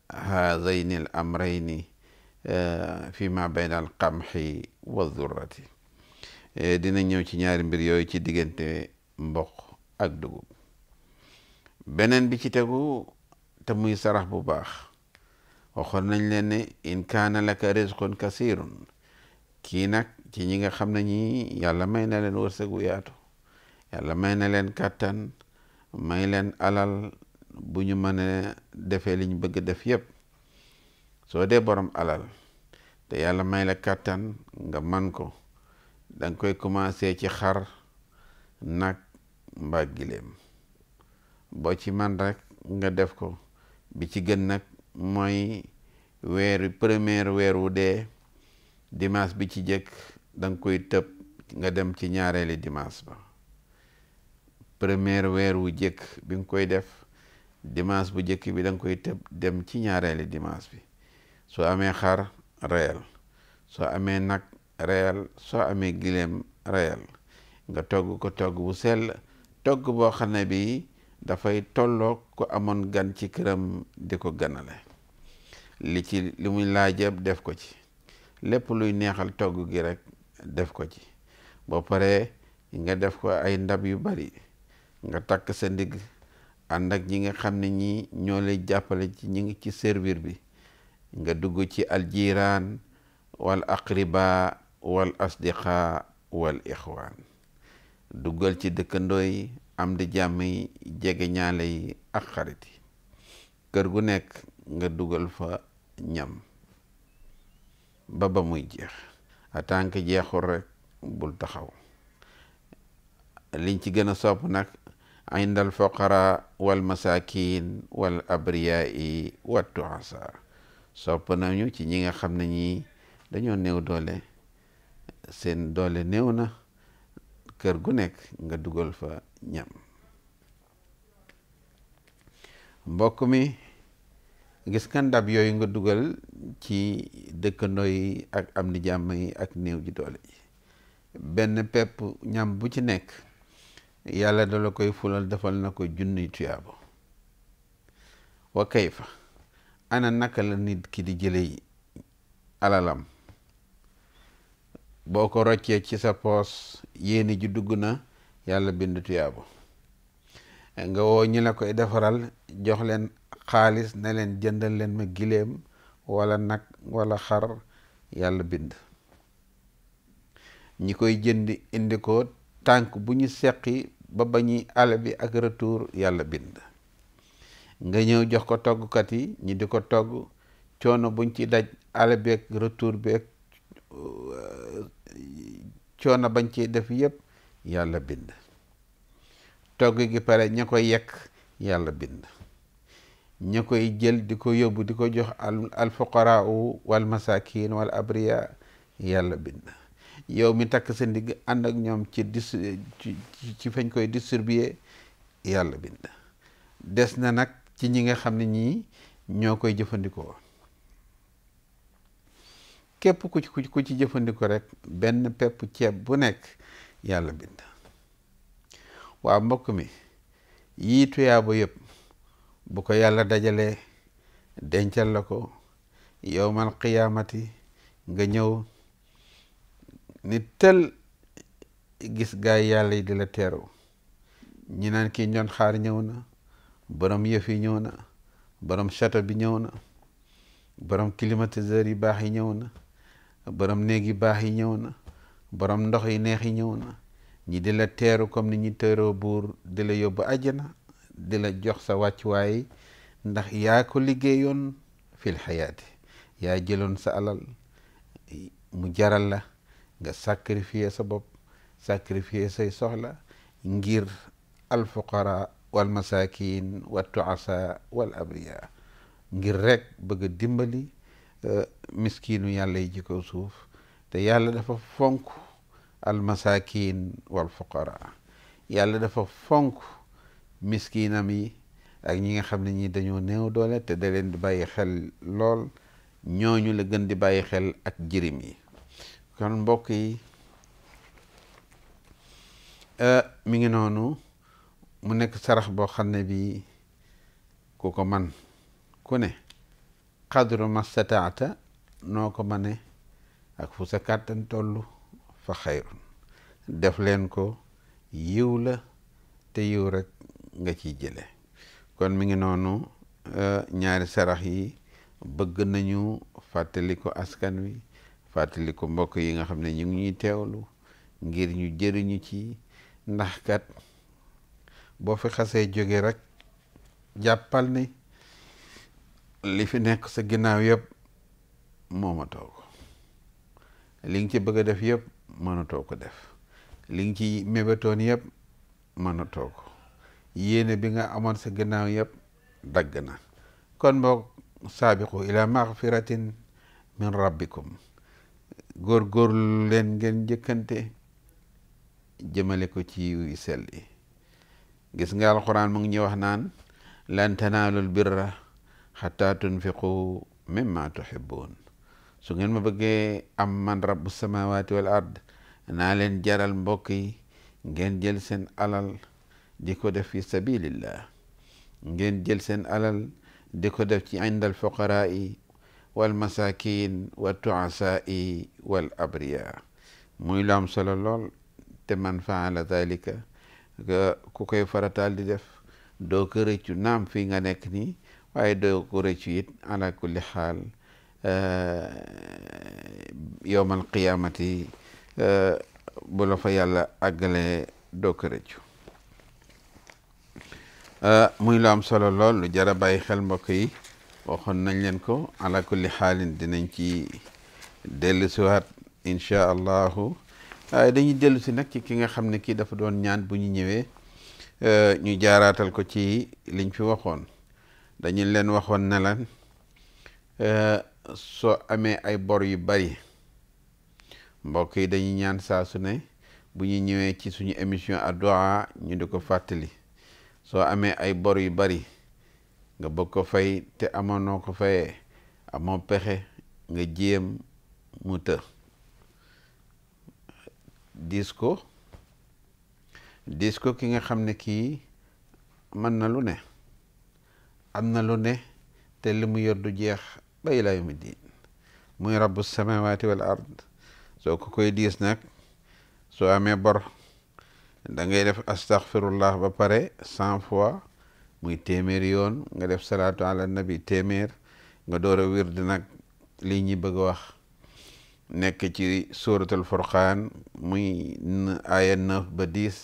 S1: haadayni al amrayni fi ma bayna al qamxi wa durrati dina ñëw ci ñaari mbir yooyu ci diggante mboq ak dugub beneen bi ci tegu te muy sarax bu baax waxoon nañ leen ne in kaana laka rizqun kasirun kii nag ci ñi nga xam ne ñi yàlla may na leen wërsëg wu yaatu yàlla na leen kàttan may leen alal bu ñu mënee defee liñ bëgg def yépp soo dee borom alal te yàlla may la kàttan nga man ko danga koy commencé ci xar nag mbaa giléem boo ci man rek nga def ko bi ci gën nag mooy weeru première weer wu dee dimaas bi ci jëkk danga koy tëb nga dem ci ñaareeli dimaas ba première weer wu jëkk bi nga koy def dimanche bu njëkk bi da koy tëb dem ci ñaareeli dimanche bi soo amee xar reyal soo amee nag reyal soo amee gileem reyal nga togg ko togg bu sell togg boo xam ne bii dafay tollook ko amoon gan ci këram di ko ganale li ci li muy laajeb def ko ci lépp luy neexal togg gi rekk def ko ci boo paree nga def ko ay ndab yu bari nga takk sa ndigg ànd ak ñi nga xam ne ñi ñoo lay jàppale ci ñi ngi ci servir bi nga dugg ci aljiraan wal aqriba wal asdiqa wal ixwaan duggal ci dëkkandoo yi am di jàmm yi jege ñaale yi ak xarit yi kër gu nekk nga dugal fa ñam ba ba muy jeex tànk jeexul rek bul taxaw liñ ci gën a sopp nag inda alfuqara walmasakin wal abriyai wattuasa sopp nañu ci ñi nga xam ne ñi dañoo néew doole seen doole néew na kër gu nekk nga dugal fa ñam mbokk mi gis nga ndab yooyu nga dugal ci dëkkandoo yi ak am ni jàmm yi ak néew ji doole ji benn pepp ñam bu ci nekk yàlla da la koy fulal defal na ko junni tuyaaba wa kayfa ana naka la nit ki di jëlee alalam boo ko roccee ci sa poos yéene ji dugg na yàlla bind tuyaaba nga woo ñi la koy defaral jox leen xaalis ne leen jëndal leen ma gileem wala nag wala xar yàlla bind ñi koy jëndi indi ko tànk bu ñu seqi ba ba ñuy ale bi ak retour yàlla bind nga ñëw jox ko toggkat yi ñi di ko togg coono buñ ci daj ale bi ak retour bi ak euh, coono bañ ci def yépp yàlla bind togg gi pare ña koy yekk yàlla bind ña koy jël di ko yóbbu di ko jox al alfuqaraa wal masakin wal abriya yàlla bind yow mi takk sa ndigg ànd ak ñoom ci dis ci fañ koy distribuer yàlla bind des na nag ci ñi nga xam ne ñii ñoo koy jëfandikoo képp ku ci ku ci jëfandikoo rek benn pepp ceeb bu nekk yàlla bind waa mbokk mi yii tuyaaba yëpp bu ko yàlla dajalee dencal la ko yowmal qiyaamati nga ñëw ni tel gis gaa yi yàlla yi di la teeru ñi naan ki ñoon xaar ñëw na borom yëf yi ñëw na borom château bi ñëw na borom climatiseur yi baax yi ñëw na borom néeg yi baax yi ñëw na borom ndox yi neex yi ñëw na ñi di teeru comme ni ñi teeroo buur di la yóbbu àjjana di la jox sa wàccuwaay ndax yaa ko liggéeyoon fil xayaati yaa jëloon sa alal mu jaral la nga sacrifier sa bopp sacrifier say soxla ngir alfuqara wal masakin wa tuasa wal abriya ngir rek bëgg dimbali euh, miskinu yàlla yi ci kaw suuf te yàlla dafa fonk al masakin wal fuqara yàlla dafa fonk miskinam yi ak ñi nga xam ne ñi dañoo néew doole te da leen di bàyyi xel lool ñooñu la gën di bàyyi xel ak jirim yi kon mbokk yi euh, mi ngi noonu mu nekk sarax boo xam ne bii ku ko man ku ne xadru mastataata noo ko mane ak fu sa kàttan toll fa xayrun def leen ko yiw la te yiw rekk nga ci jële kon mi ngi noonu euh, ñaari sarax yi bëgg nañu fàttali ko askan wi fàttali ko mbokk yi nga xam ne ñu ngi ñuy teewlu ngir ñu jëriñu ci ndax kat boo fi xasee jóge rek jàppal ni li fi nekk sa ginnaaw yëpp moomatoo ko li nga ci bëgg a def yëpp mënatoo ko def li nga ci mébétoon yëpp mënatoo ko yéene bi nga amoon sa ginnaaw yëpp dagg na kon boog saabiqu ila maghfiratin min rabbikum góorgóorlu leen ngeen njëkkante jëmale ko ci yiw sel yi gis nga alxuraan mu ngi ñuy wax naan lan tanaalul birra xataa tunfiqu mimma tuhibbun su ngeen ma bëggee am man rabbu samawati wal ard naa leen jaral mbokk yi ngeen jël seen alal di ko def fi sabilillah ngeen jël seen alal di ko def ci indal fuqaraa yi walmasakin wa tuasai wal abriya muy lu am solo lool te man faala dalika ku koy fara farataal di def doo ko rëccu naam fi nga nekk nii waaye doo ko rëccu it ala kulli xaal eh, yowmal qiyaamati eh, bu la fa yàlla àggalee doo ko rëccu eh, muy lu am solo lool lu jara bàyyi xel mbokk yi waxoon nañ leen ko ala kulli xaalin dinañ ci dellu siwaat inchaa allahu waaye dañuy dellu si nag ci ki nga xam ne kii dafa doon ñaan bu ñu ñëwee euh, ñu jaaraatal ko ci liñ fi waxoon dañu leen waxoon ne lan euh, soo amee ay bor yu bari mbokk yi dañuy ñaan saa su ne bu ñu ñëwee ci suñu émission Ad-Du'a ñu di ko fàttali soo amee ay bor yu bari nga bëgg ko fay te amoon noo ko fayee amoo pexe nga jéem mu të diis ko diis ko ki nga xam ne kii mën na lu ne am na lu ne te li mu yor du jeex ba ilaa yawmi diin muy rabbu samawaati wal ard soo ko koy diis nag soo amee bor da ngay def astaghfirullah ba pare cent fois muy téeméeri yoon nga def salaatu ala nabi téeméer nga door a wird nag lii ñi bëgg a wax nekk ci suratul furqaan mu aya neuf ba dix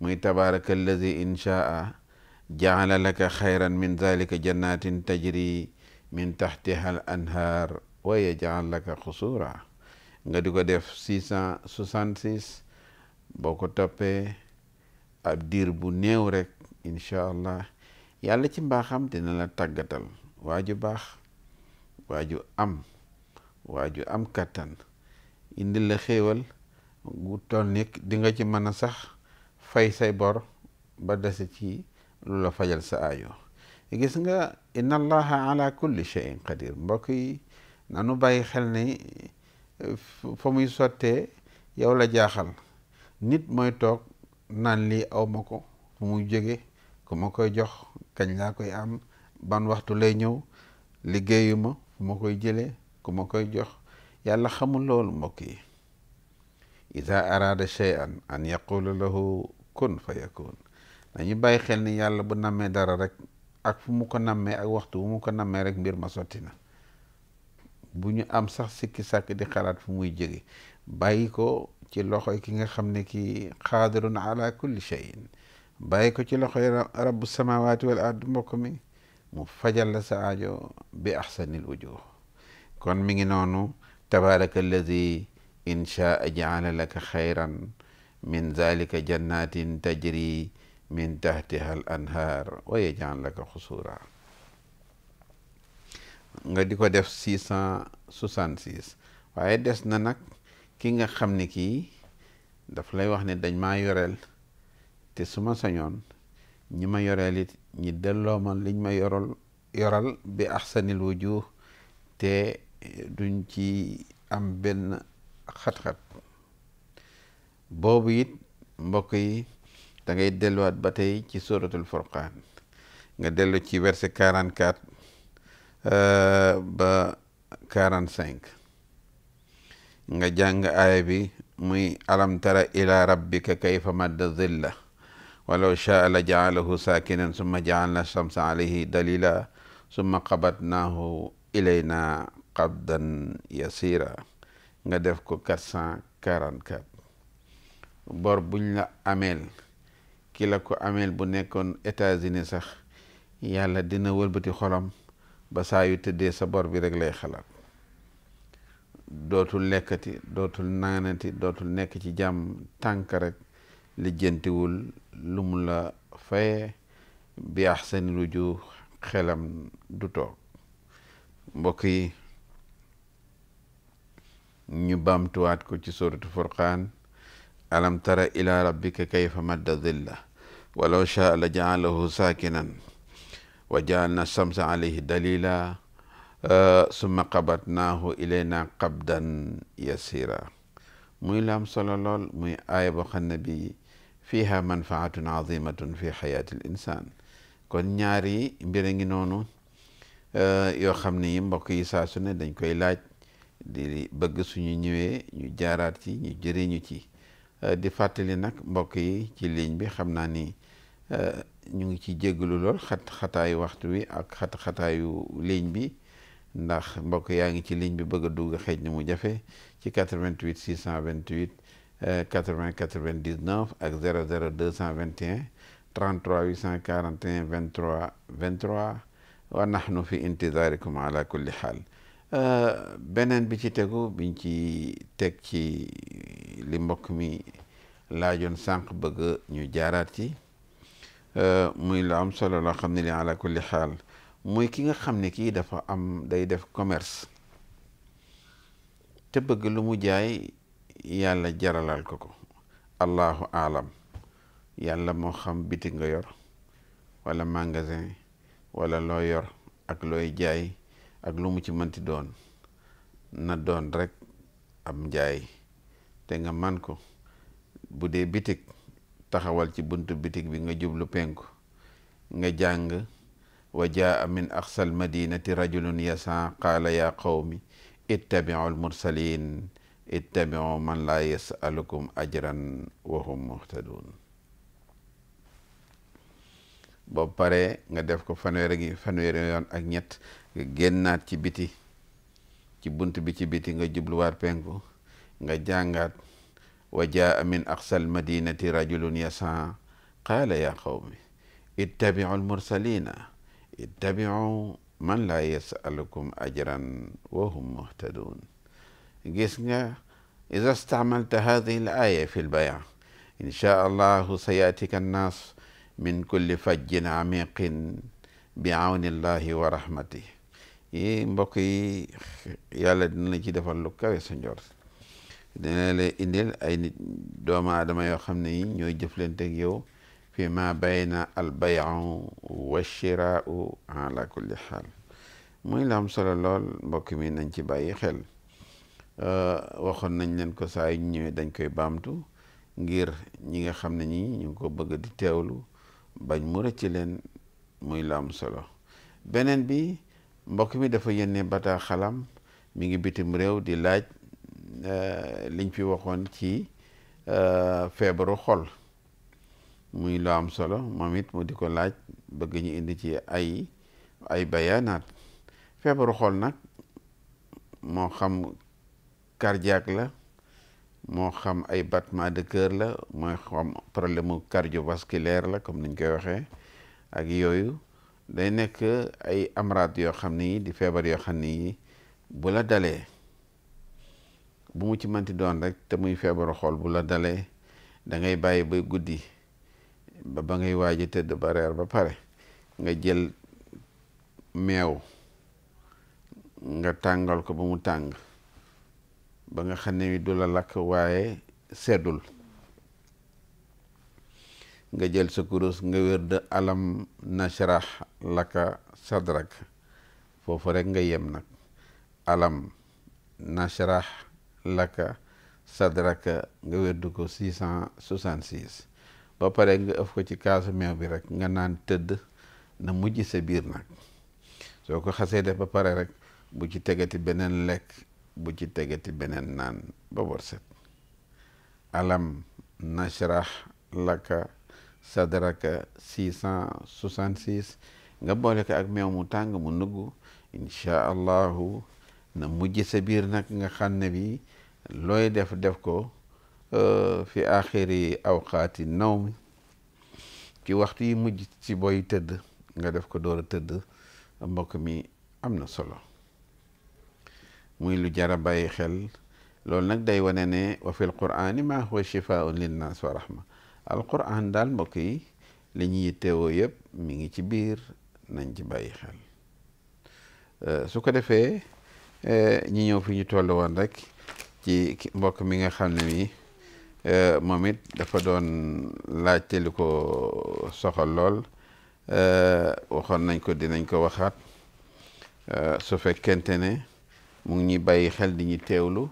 S1: muy tabaraka allazi inchaa jaala laka xayran min zalika jannatin tajri min taxtiha al anhaar wa yajal laka xusuura nga di ko def six cent soixante boo ko toppee ab diir bu néew rek incha allah yàlla ci mbaaxam dina la tàggatal waa ju baax waa ju am waa ju am kàttan indi la xéewal gu toll ni di ci mën a sax fay say bor ba dese ci lu la fajal sa aajo gis nga inna allaha ala kulli shay'in qadir mbokk yi nanu bàyyi xel na fa muy sottee yow la jaaxal nit mooy toog naan lii aw ma ko fu muy jóge ku ma koy jox kañ laa koy am ban waxtu lay ñëw liggéeyuma fu ma koy jëlee ku ma koy jox yàlla xamul loolu mbokk yi ida arada shay'an an yaqula lahu kun fa yakun dañu bàyyi xel ni yàlla bu nammee dara rek ak fu mu ko nammee ak waxtu bu mu ko nammee rek mbir ma sotti na bu ñu am sax sikki sàkk di xalaat fu muy jóge bàyyi ko ci loxoy ki nga xam ne kii xaadirun ala kulli shay'in bàyyi ko ci loxoy rabbu samawaati wal ard mbokk mi mu fajal la sa bi ahsanil wujuh kon mi ngi noonu tabaraka allazi in shaa jaala laka xayran min zalika jannatin tajri min tahtiha al anhaar wa yaj'al laka xusuura nga di ko def six cent soixante-six waaye des na nag ki nga xam ni kii daf lay wax ni dañ maa yoreel te su ma sañoon ñi ma yoreel it ñi delloo man liñ ma yoral yoral bi axsanil wujuh te duñ ci am benn xat-xat boobu it mbokk yi dangay delluwaat ba tey ci suratul furqaan nga dellu ci verset quarante quatre euh, ba quarante cinq nga jàng aaya bi muy alam tara ila rabbika kayfa madda zilla walaw shaa la jaalahu saakinan summa jaalna shamsa alayhi dalila summa qabatnaahu ilayna qabdan yasira nga def ko 444 bor buñ la ameel ki ko amel bu nekkoon États-Unis sax yàlla dina wëlbati xolam ba saa yu tëddee sa bor bi rek lay xalaat dootul lekkati dootul naanati dootul nekk ci jàmm tànk rek lijjantiwul lu mu la faye bi axsani ruju xelam du toog mbokk yi ñu baamtuwaat ko ci suratu furqaan alam tara ila rabbika kayfa madda dhilla walaw shaa la jaalahu saakinan wa jaalna samsa alayhi dalila summa qabatnaahu ilayna qabdan yasira muy laam solo lool muy aaya boo xam ne bi fiha manfaatun azimatun fi xayaati l kon ñaari mbir a ngi noonu euh, yoo xam ne yi mbokk yi saa ne dañ koy laaj di bëgg suñu ñëwee ñu jaaraat ci ñu jëriñu ci euh, di fàttali nag mbokk yi ci ligne bi xam naa ni euh, ñu ngi ci jéggalu lool xat xataayu waxtu wi ak xat xataayu ligne bi ndax mbokk yaa ngi ci ligne bi bëgg dugg xëj na mu jafe ci 88 628 80 99 ak 00 221 33 841 23 23 wa nahnu fi intizaarikum ala kulli xaal euh, beneen bi ci tegu biñ ci teg ci li mbokk mi laajoon sànq bëgg ñu jaaraat ci euh, muy la am solo loo xam ne li ala kulli xaal muy ki nga xam ne kii dafa am day def commerce te bëgg lu mu jaay yàlla jaralal ko ko allahu alam yàlla moo xam bitig nga yor wala magasin walla loo yor ak looy jaay ak lu mu ci mënti doon na doon rek am njaay te nga man ko bu dee bitik taxawal ci buntu bitik bi nga jublu penku nga jàng wa jaa min aqsal madinati rajulun yasa qaala ya qawmi ittabiu al ittabiu man laa yasalukum ajran wa hum muhtadun ba nga def ko fanweeri ak ñett nga génnaat ci biti ci bunt bi ci biti nga jubluwaat penku nga jàngaat wa jaa min aqsal madinati rajulun yasaa qaala ya qawmi ittabiu almursalina ittabiu man laa yasalukum ajran wa hum muhtadun gis nga ida staamalta hadihi l aya fi l baya inchaa allahu sa yaatika annaas min kulli fajjin amiqin bi awni llahi wa rahmatih yi mbokk yi yàlla dina la ci defal lu dina la indil ay nit doomu yoo xam ne yi ñooy jëflante ak yow fi ma al bayu wa shiraau ala muy la am solo lool mbokk mi nañ ci bàyyi xel Euh, waxoon nañ leen ko saa yu ñëwee dañ koy baamtu ngir ñi nga xam ne ñi ñu ngi ko bëgg di teewlu bañ mu rëcc leen muy laam solo beneen bi mbokk mi dafa yénne bataa xalam mu ngi bitim réew di laaj euh, liñ fi waxoon ci euh, feebaru xol muy loo am solo moom it mu di ko laaj bëgg ñu indi ci ay ay bayaanaat feebaru xol nag moo xam cardiaque la moo xam ay battement de cœur la mooy xam problème mu cardiovasculaire la comme niñ koy waxee ak yooyu day nekk ay amraad yoo xam ne ni di feebar yoo xam ni bu la dalee bu mu ci mënti doon rek te muy feebaru xool bu la dalee da ngay bàyyi ba guddi ba ba ngay waaj a tëdd ba reer ba pare nga jël meew nga tàngal ko ba mu tàng ba nga xam ne du la lakk waaye seddul nga jël sa kurus nga wérd alam nashrah laka sadrak foofu rekk nga yem nag alam nashrah laka sadraka nga wérdu ko six cent soixante-six ba pare nga ko ci kaasu bi rek nga naan tëdd na mujj sa biir nag soo ko xasee def ba pare rek bu ci tegati beneen lekk bu ci tegeti beneen naan ba bor set alam nashrah laka sadraka six cent soixante-six nga boole ko ak meew mu tàng mu nugg incha allahu na mujj sa biir nag nga xam ne bi looy def def ko euh, fi axiri awqaati naw ci waxtu yi mujj ci boy tëdd nga def ko door a tëdd mbokk mi am na solo muy lu jara bàyyi xel loolu nag day wane ne wa fil qur'ani ma huwa shifaun linnas wa rahma alquran daal mbokk yi li ñuy teewoo yëpp mi ngi ci biir nañ ci bàyyi xel euh, su ko defee euh, ñu ñëw fi ñu toll woon rek ci mbokk mi nga xam ne mi euh, moom it dafa doon laajte li ko soxal lool waxoon nañ ko dinañ ko waxaat su fekkente ne mu ngi ñuy bàyyi xel di ñu teewlu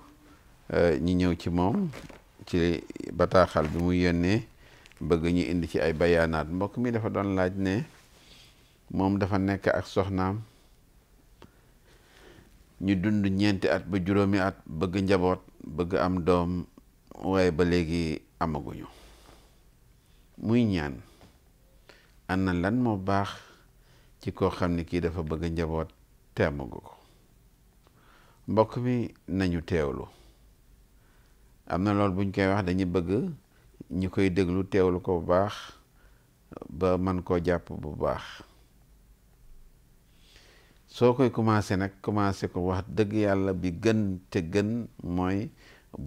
S1: euh, ñi ñëw ci moom ci bataaxal bi mu yónnee bëgg ñu indi ci ay bayaanaat mbokk mi dafa doon laaj ne moom dafa nekk ak soxnaam ñu dund ñeenti at ba juróomi at bëgg njaboot bëgg am doom waaye ba léegi amaguñu muy ñaan ana lan moo baax ci koo xam ne kii dafa bëgg njaboot te amagu ko mbokk mi nañu teewlu am na loolu buñ koy wax dañu bëgg ñi koy déglu teewlu ko bu baax ba man koo jàpp bu baax soo koy commencé nag commencé ko wax dëgg yàlla bi gën te gën mooy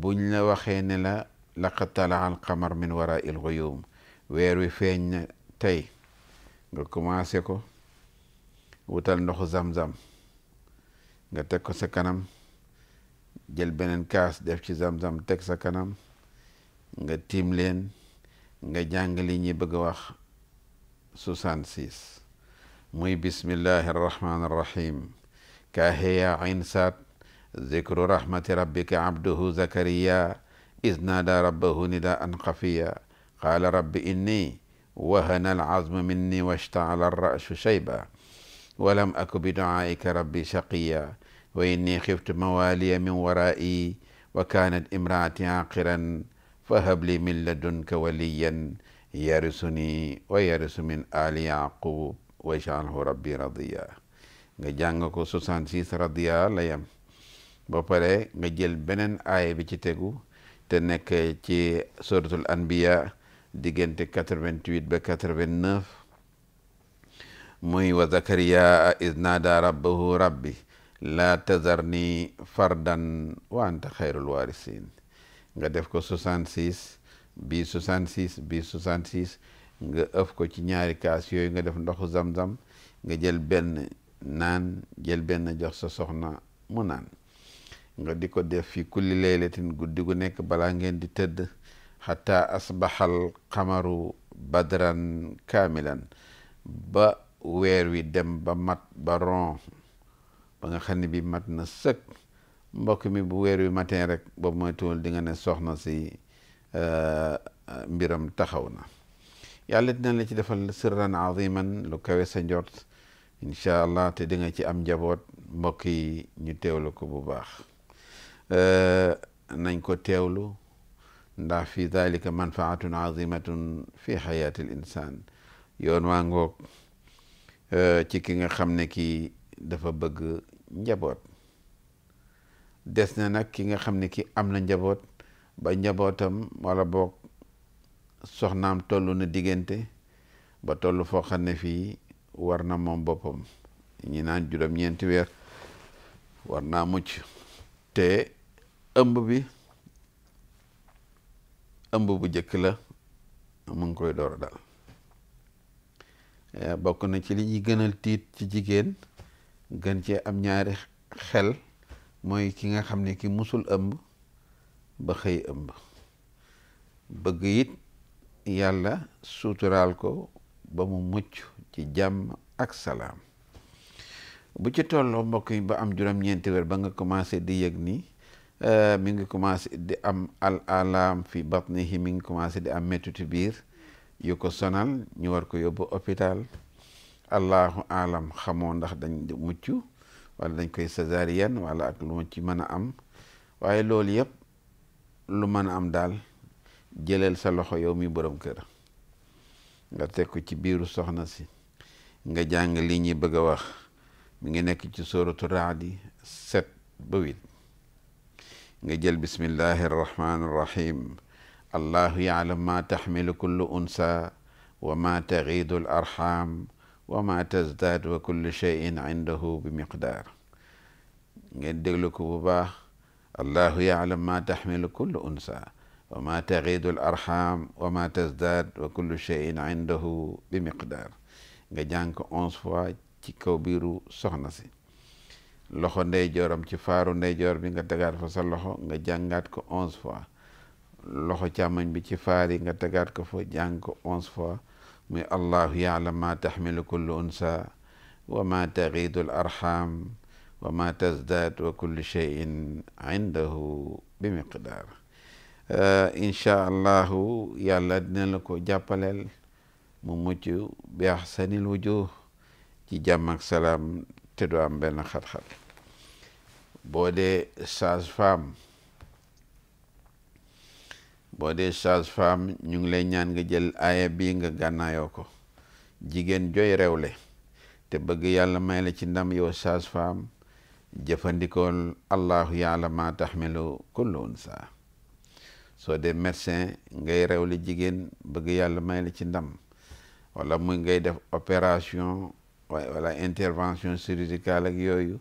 S1: buñ la waxee ne la laqad tala al qamar min wara il xuyum weer wi feeñ na tey nga commencé ko wutal ndoxu zam-zam nga teg ko sa kanam jël beneen kaas def ci zam-zam teg sa kanam nga tiim leen nga jàng li ñuy bëgg a wax soixante-six muy bismillahi arrahmani arrahim kaa heya ayn saat zikru rahmati rabbika abduhu zakariya is naada rabbahu nida an xafiya qaala rabbi inni wahana alazmu minni washtaala arrasu shayba walam aku bi duaaika rabbi shaqiya wa inni xiftu mawaliya min warai wa kanat imraati aqiran fa habli min ladunka waliyan yarisuni wa yarisu min ali yaqub wajaalhu rabbi radiya nga jàng ko 66 radiya la yem ba pare nga jël beneen aaya bi ci tegu te nekk ci suratul anbiya diggante 88 ba 89 muy wa zakariyaa id naada rabbahu rabbi laa tazarni fardan wa anta xayrul waarisiin nga def ko 66 bii 66 bii 66 nga ëf ko ci ñaari kaas yooyu nga def ndoxu zam-zam nga jël benn naan jël benn jox sa soxna mu naan nga di ko def fi kulli laylatin guddi gu nekk bala ngeen di tëdd xataa asbaxal xamaru badran kaamilan ba weer wi dem ba mat ba ron ba nga xam ne bi mat na sëkk mbokk mi bu weer wi matin rek boobu mooy tuul di nga ne soxna si euh, euh, mbiram taxaw na yàlla dina la ci defal sirran aziman lu kawe sa njort incha allah te di nga ci am njaboot mbokk yi ñu teewlu ko bu baax euh, nañ ko teewlu ndax fi dalika manfaatun azimatun fi xayaati l yoon waa Euh, ci ki nga xam ne kii dafa bëgg njaboot des na nag ki nga xam ne kii am na njaboot ba njabootam walla boog soxnaam toll na diggante ba toll foo xam ne fii war na moom boppam ñi naan juróom-ñeenti weer war naa mucc te ëmb bi ëmb bu jëkk la mu ngi koy door daal Eh, bokk na ci li ñuy gënal tiit ci jigéen gën cee am ñaari xel mooy ki nga xam ne ki musul ëmb ba xëy ëmb bëgg it yàlla suuturaal ko ba mu mucc ci jàmm ak salaam bu ci tolloo mbokk yi ba am juróom-ñeenti weer ba nga commencé di yëg ni eh, mi ngi commencé di am al alaam fi batnihi mi ngi commencé di am mettitu biir yu ko sonal ñu war ko yóbbu hôpital allahu alam xamoo ndax dañ mucc wala dañ koy césarienne wala ak lu mu ci mën a am waaye loolu yépp lu mën a am daal jëlal sa loxo yow mi borom kër nga teg ko ci biiru soxna si nga jàng li ñuy bëgg a wax mu ngi nekk ci sóoratu raadi sept ba huit nga jël bismillahi arrahmani arrahim allahu yaalam ma taxmilu kullu unsa wa ma taxiidu l arxam wa ma tazdaad wa kullu cheyin indahu bi miqdaar ngeen déglu ko bu baax allahu yaalam ma taxmilu kullu unsa wa ma taxiidu l arxam wa ma tazdaad wa kullu cheyin indahu bi miqdaar nga jàng ko onze fois ci kaw biiru soxna si loxo ndeyjooram ci faaru ndeyjoor bi nga tegaat fa sa loxo nga jàngaat ko onze fois loxo càmmoñ bi ci faar yi nga tegaat ko fa jàng ko onze fois muy allahu yaalam ma taxmilu kullu unsa wa ma taxiidu arxam wa ma tasdaad wa kullu cheyin indahu bi miqdaar eh, inchaa allahu yàlla dina la ko jàppaleel mu mucc bi axsanil wujuh ci jàmm ak salaam te du am benn xat-xat boo boo dee sage femme ñu ngi lay ñaan nga jël aaya bii nga gànnaayoo ko jigéen jooy rewle te bëgg yàlla may la ci ndam yow sage femme jëfandikool allahu yaala ma taxmilu kullu unsa so dee médecin ngay rewle jigéen bëgg yàlla may la ci ndam wala muy ngay def opération wala intervention chirurgicale ak yooyu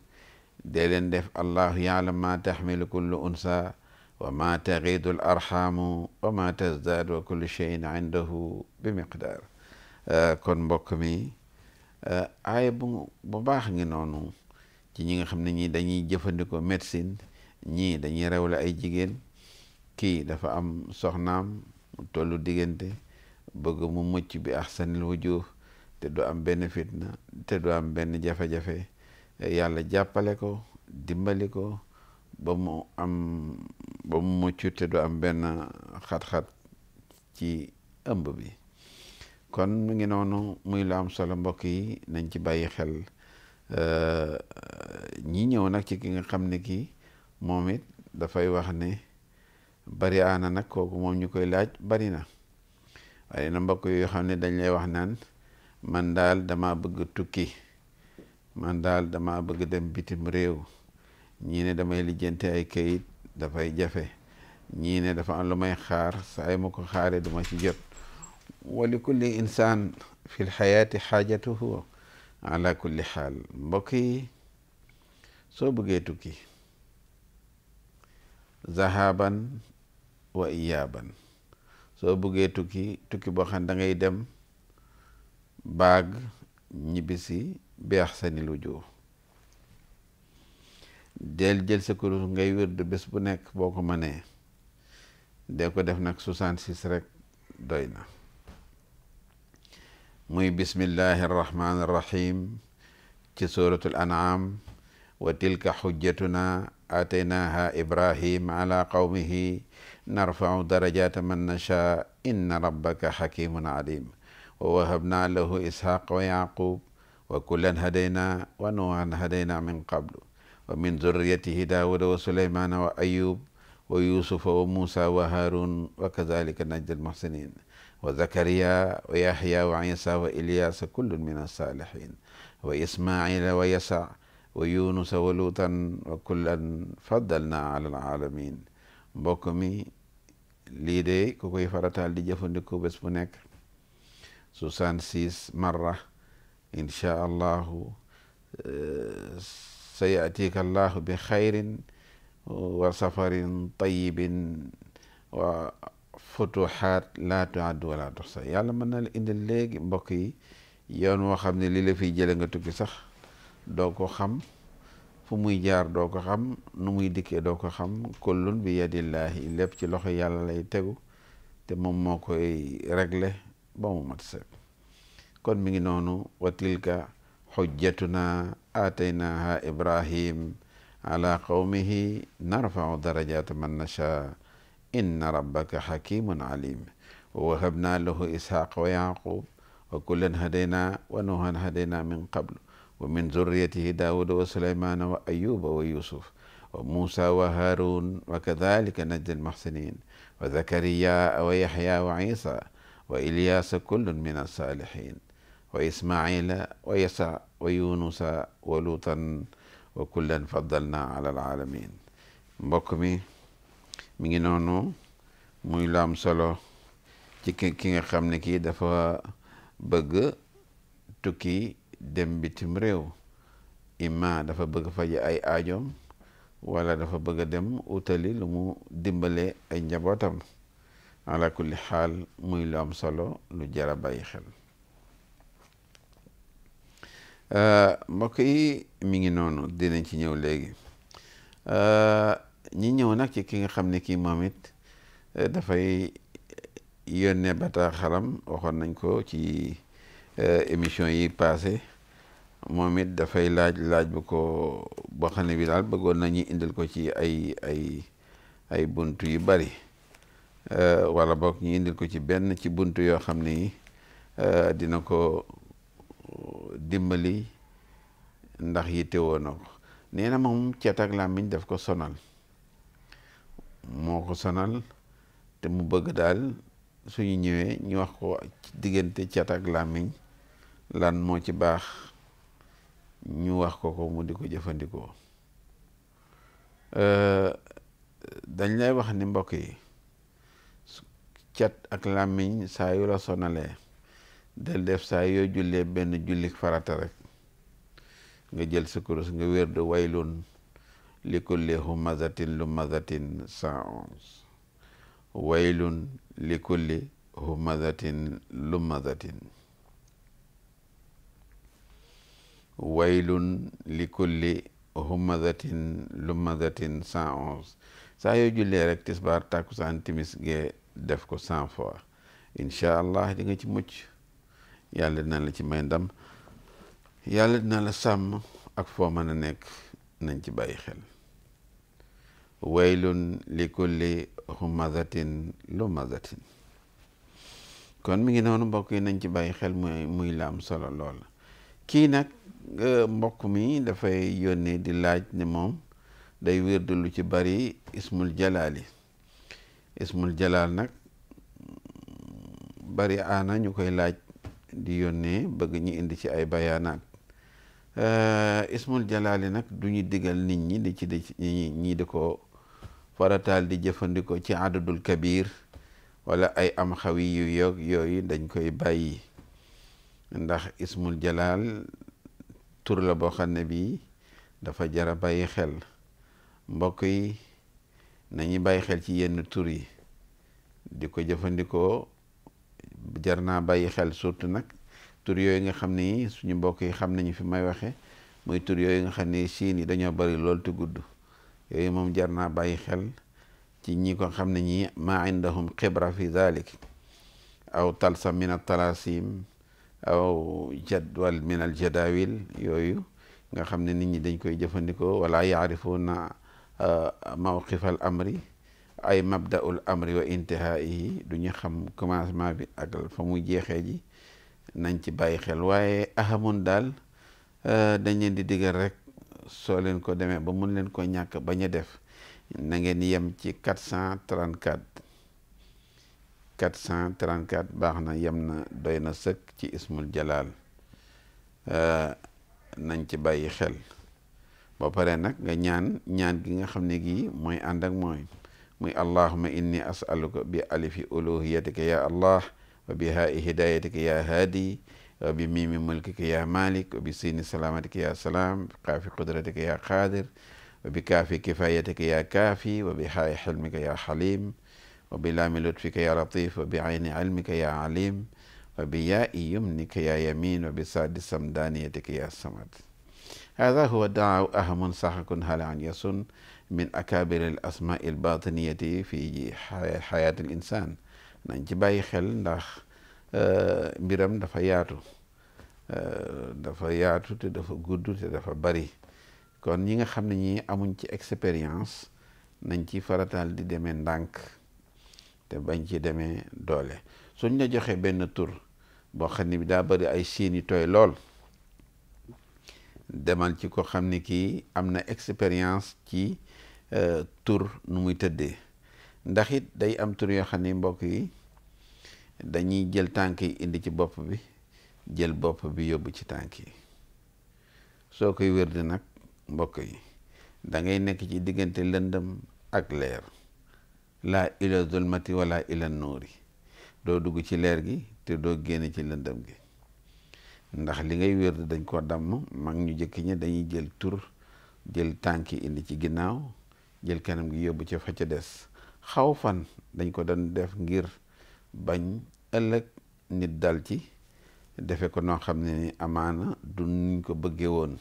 S1: dee leen def allahu yaala ma taxmilu kullu unsa wa ma taxiidu l arxaamu wa ma tazdaad wa kullu cheyin indahu bi miqdaar euh, kon mbokk mi euh, aaya bu baax ngi noonu ci ñi nga xam ne ñi dañuy jëfandikoo médecine ñii dañuy rewle ay jigéen kii dafa am soxnaam mu tollu diggante bëgg mu mucc bi ahsanil wujuh te du am benn te du am benn jafe-jafe yàlla jàppale ko dimbali ko ba mu am ba mu mucc te du am benn xat-xat ci ëmb bi kon mu ngi noonu muy lu am solo mbokk yi nañ ci bàyyi xel euh, ñi ñëw nag ci ki nga xam ne kii moom it dafay wax ne bari aana nag kooku moom ñu koy laaj bari na waaye na mbokk yoo xam ne dañ lay wax naan man daal dama bëgg tukki man daal dama bëgg dem bitim réew ñii ne damay lijjanti ay kayit dafay jafe ñii ne dafa am lu may xaar saay ma ko xaare duma ci jot wa li kulli insaan fi lxayaati xaajatuhu ala kulli xaal mbokk yi soo bëggee tukki zahaban wa iyaaban soo bëggee tukki tukki boo xam da ngay dem baag ñibbisi beex sa ni del jël sa kurus ngay wird bés bu nekk boo ko mënee de ko def nag soixante-six rek doy na muy bismillahi arrahmani irrahim ci suratul an'am wa tilka xujjatuna ataynaha ibrahim ala qawmihi narfau darajata man nasha inna rabbaka xakimun alim wa wahabna lahu ishaqa wa yaqub wa kullan hadayna wa nuhan hadayna min qablu wa min durriyatihi daawuda wa suleymaana wa ayub wa yusufa wa muusa wa haarun wa kazalika najdi almuhsinin wa zakariya wa yaxya wa isa wa ilyasa kullun min alsaalihin wa ismaila wa yasa wa yunusa wa luutan wa kullan faddalna ala alaalamin mbokk mi lii de ku koy farataal di jëfandikoo bés bu nekk soixante-six marra inchaa allahu euh, sa yaatika allahu bi xayrin wa safarin tayibin wa futuhaat laa tuaddu wala tuxsa yàlla mën na la indil léegi mbokk yi yoon woo xam ne li la fiy jële nga tukki sax doo ko xam fu muy jaar doo ko xam nu muy dikkee doo ko xam kullun bi yadillaahi lépp ci loxo yàlla lay tegu te moom moo koy réglé ba mu mat sëkk kon mi ngi noonu wa xujjatuna aataynaaha ibrahim ala qawmihi narfau darajata man nacha inna rabbaka xakimun alim wa wahabna lahu ishaqa wa yaqub wa kullan hadayna wa nuhan hadayna min qablu wa min zurriyatihi daawuda wa sulaymana wa ayuba wa yusuf wa musa wa harun wa kadalika najdi almuhsinin wa zakariya wa yaxya wa isa wa ilyasa kullun min alsalihin wa ismaila wa yasa wa yunusa wa luutan wa kullan faddalna ala alaalamin mbokk mi mi ngi noonu muy lu am solo ci ki nga xam ni kii dafa bëgg tukki dem bitim réew imma dafa bëgg faje ay aajoom wala dafa bëgg dem utali lu mu dimbale ay njabootam ala kulli xaal muy lu am solo lu jar a bàyyi xel Eh, mbokk yi mi ngi noonu dinañ ci ñëw léegi eh, ñu ñëw nag ci ki nga xam ne kii moom it eh, dafay yónnee bataaxalam waxoon nañ ko ci émission yi passé moom it dafay laaj laaj bu ko boo xam bi daal bëggoon nañu indil ko ci ay ay ay buntu yu bari wala boog ñu indil ko ci benn ci buntu yoo xam ne dina ko dimbali ndax yittewoo na ko nee na moom cet ak làmmiñ daf ko sonal moo ko sonal te mu bëgg daal suñu ñëwee ñu wax ko diggante cet ak làmmiñ lan moo ci baax ñu wax ko ko mu di ko jëfandikoo dañ lay wax ni mbokk yi cet ak làmmiñ saa yu la sonalee del def saa yoo jullee benn jullik farata rek nga jël sa kurus nga wér de waylun li kulli humazatin lumazatin cent onze waylun li kulli humazatin lumazatin waylun onze saa yoo jullee rek tisbaar takkusaan timis gee def ko cent fois incha allah di nga ci mucc yàlla dina la ci may ndam yàlla dina la sàmm ak foo mën nekk nañ ci bàyyi xel waylun li kulli humazatin kon mi ngi noonu mbokk yi nañ ci bàyyi xel muy muy la solo lool kii nag mbokk mi dafay yónnee di laaj ni moom day wirdu lu ci bari ismul jalaali ismul jalaal nag bari aana ñu koy laaj di yónnee bëgg ñu indi ci ay bayaanaat euh, ismul jalaali nag du ñu digal nit ñi di ci di ñi di ko farataal di jëfandikoo ci adadul kabir wala ay am xawi yu yooyu dañ koy bàyyi ndax ismul jalaal tur la boo xam ne bii dafa jara bàyyi xel mbokk yi nañu bàyyi xel ci yenn tur yi di ko jëfandikoo jar naa bàyyi xel surtout nag tur yooyu nga xam ni suñu mbokk yi xam nañu fi may waxe muy tur yooyu nga xam ni siin yi dañoo bari lool te gudd yooyu moom jar naa bàyyi xel ci ñi ko xam ne ñi ma indahum xibra fi dalik aw talsa min al talasim aw jadwal min al yooyu nga xam ne nit ñi dañ koy jëfandikoo wala yaarifuna uh, mawqif al amri ay mabdaul amri wa intihaihi du ñu xam commencement bi ak fa muy jeexee ji nañ ci bàyyi xel waaye ahamun daal euh, dañ leen di digal rek soo leen ko demee ba mun leen ko ñàkk bañ a def nangeen ngeen yem ci 434 434 baax na yem na doy na sëkk ci ismul jalaal euh, nañ ci bàyyi xel ba pare nag nga ñaan ñaan gi nga xam ne gii mooy ànd ak mooy muy allahuma inni asaluka bi alifi uluhiyatika ya allah wa bi haai hidayatika ya haadi wa bi mimi mulkika ya malik wa bi sini salamatika ya salaam bi qaafi qudratika ya qaadir wa bi kaafi kifayatika ya kaafi wa bi haai xilmika ya xalim wa bi laami lutfika ya latif wa bi ayni ilmika ya alim wa bi yaai yumnika ya yamin wa bi saadi samdaniyatika ya samad hada huwa daaw ahamun saxakun halaan yasun min akabir al asma il batiniyati fii xayaat al insan nañ ci bàyyi xel ndax euh, mbiram dafa yaatu euh, dafa yaatu te dafa gudd te dafa bari kon ñi nga xam ne ñi amuñ ci expérience nañ ci farataal di demee ndànk te bañ ci demee doole suñ la joxee benn tur boo xam ne bi daa bari ay siin tooy lool demal ci ko xam ne kii am na expérience ci Euh, tur nu muy tëddee ndaxit day am tur yoo xam ni mbokk yi dañuy jël tànk yi indi ci bopp bi jël bopp bi yóbbu ci tànk yi soo koy wér di nag mbokk yi dangay nekk ci diggante lëndëm ak leer laa ila zulmati wala ila nuuri doo dugg ci leer gi te doo génne ci lëndëm gi ndax li ngay wér dañ koo damm mag ñu jëkk ñi dañuy jël tur jël tànk yi indi ci ginnaaw jël kanam gi yóbbu ca fa ca des xaw fan dañ ko doon def ngir bañ ëllëg nit dal ci defe ko noo xam ne ni amaana du niñ ko bëggee woon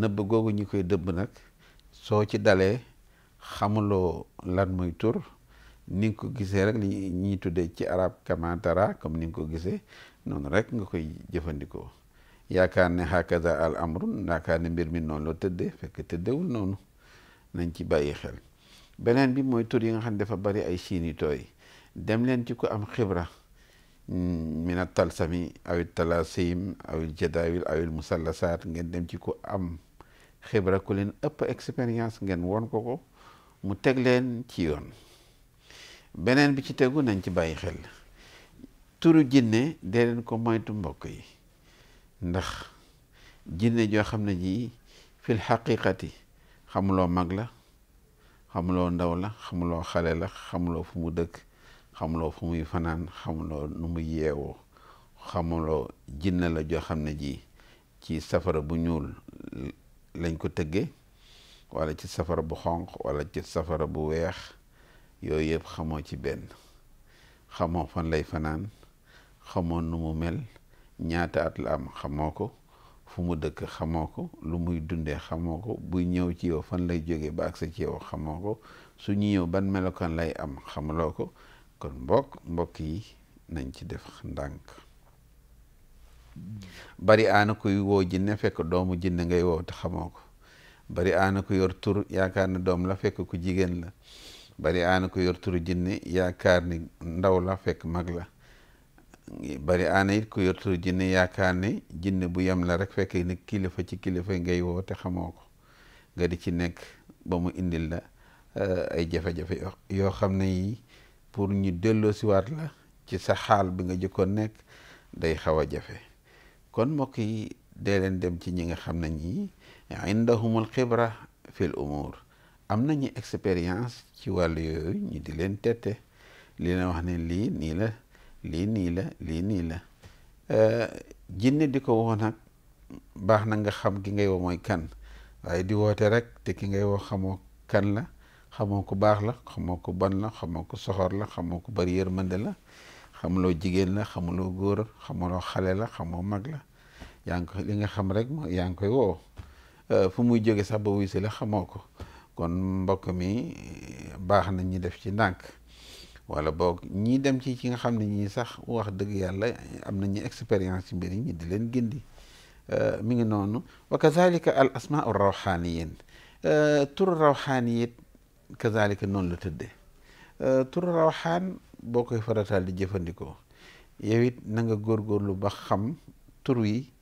S1: nëbb googu ñu koy dëbb nag soo ci dalee xamuloo lan muy tur ko gisee rek li ñuy tuddee ci arab kamantara comme ni nga ko gisee noonu rek nga koy jëfandikoo yaakaar ne hakaza al amru yaakaar ne mbir mi noonu la tëddee fekk tëddeewul noonu nañ ci bàyyi xel beneen bi mooy tur yi nga xam ne dafa bari ay siini tooy dem leen ci ko am xibra mina talsami awil talasim awil jadawil awil musallasaat ngeen dem ci ko am xibra ku leen ëpp expérience ngeen won ko ko mu teg leen ci yoon beneen bi ci tegu nañ ci bàyyi xel turu jinne dee leen ko moytu mbokk yi ndax jinne joo xam ne ji fil xaqiqati xamuloo mag la xamuloo ndaw la xamuloo xale la xamuloo fu mu dëkk xamuloo fu muy fanaan xamuloo nu mu yeewoo xamuloo jinne la joo xam ne ji ci safara bu ñuul lañ ko tëggee wala ci safara bu xonq wala ci safara bu weex yooyu yëpp xamoo ci benn xamoo fan lay fanaan xamoo nu mu mel ñaata at la am xamoo ko fu mu dëkk xamoo ko lu muy dundee xamoo ko buy ñëw ci yow fan lay jógee ba agsi ci yow xamoo ko su ñu ñëw ban melokaan lay am xamuloo ko kon mbokk mbokk yi nañ ci def ndànk bari aana kuy woo jinne fekk doomu jinne ngay woo te xamoo ko bari aana ku yor tur yaakaar ne doom la fekk ko jigéen la bari aana ku yor tur jinne yaakaar ni ndaw la fekk mag la bari aana it ku yortu jinne yaakaar ne jinne bu yem la rek fekk ni kilifa ci kilifa yi ngay woo te xamoo ko nga di ci nekk ba mu indil la eh, ay jafe-jafe yoo xam ne yi pour ñu delloo siwaat la ci sa xaal bi nga jëkkoon nekk day xaw a jafe kon mbokk yi dee leen dem ci ñi nga xam na ñi indahumul xibra fil umur am nañu expérience ci wàll yooyu ñu di leen tete li leen wax ne lii nii la lii nii la lii nii la eh, jinne di ko woo nag baax na nga xam ki ngay woo mooy kan waaye di woote rek te ki ngay woo xamoo kan la xamoo ku baax la xamoo ko bon la xamoo ko soxor la xamoo ko bari yërmande la xamuloo jigéen la xamuloo góor xamuloo xale la xamoo mag la yaa ko li nga xam rek yaa ngi koy woo eh, fu muy jóge sax ba wuy xamoo ko kon mbokk mi baax na ñu def ci ndànk wala boog ñii dem ci ci nga xam ne ñii sax wax dëgg yàlla am nañu expérience ci mbir yi ñi di leen gindi euh, mi ngi noonu wa kazalika al asmaau rawxaaniyin euh, tur rawxaani it kazalika noonu la tëddee euh, tur rawxaan boo koy farataal di jëfandikoo yow it na nga lu ba xam tur yi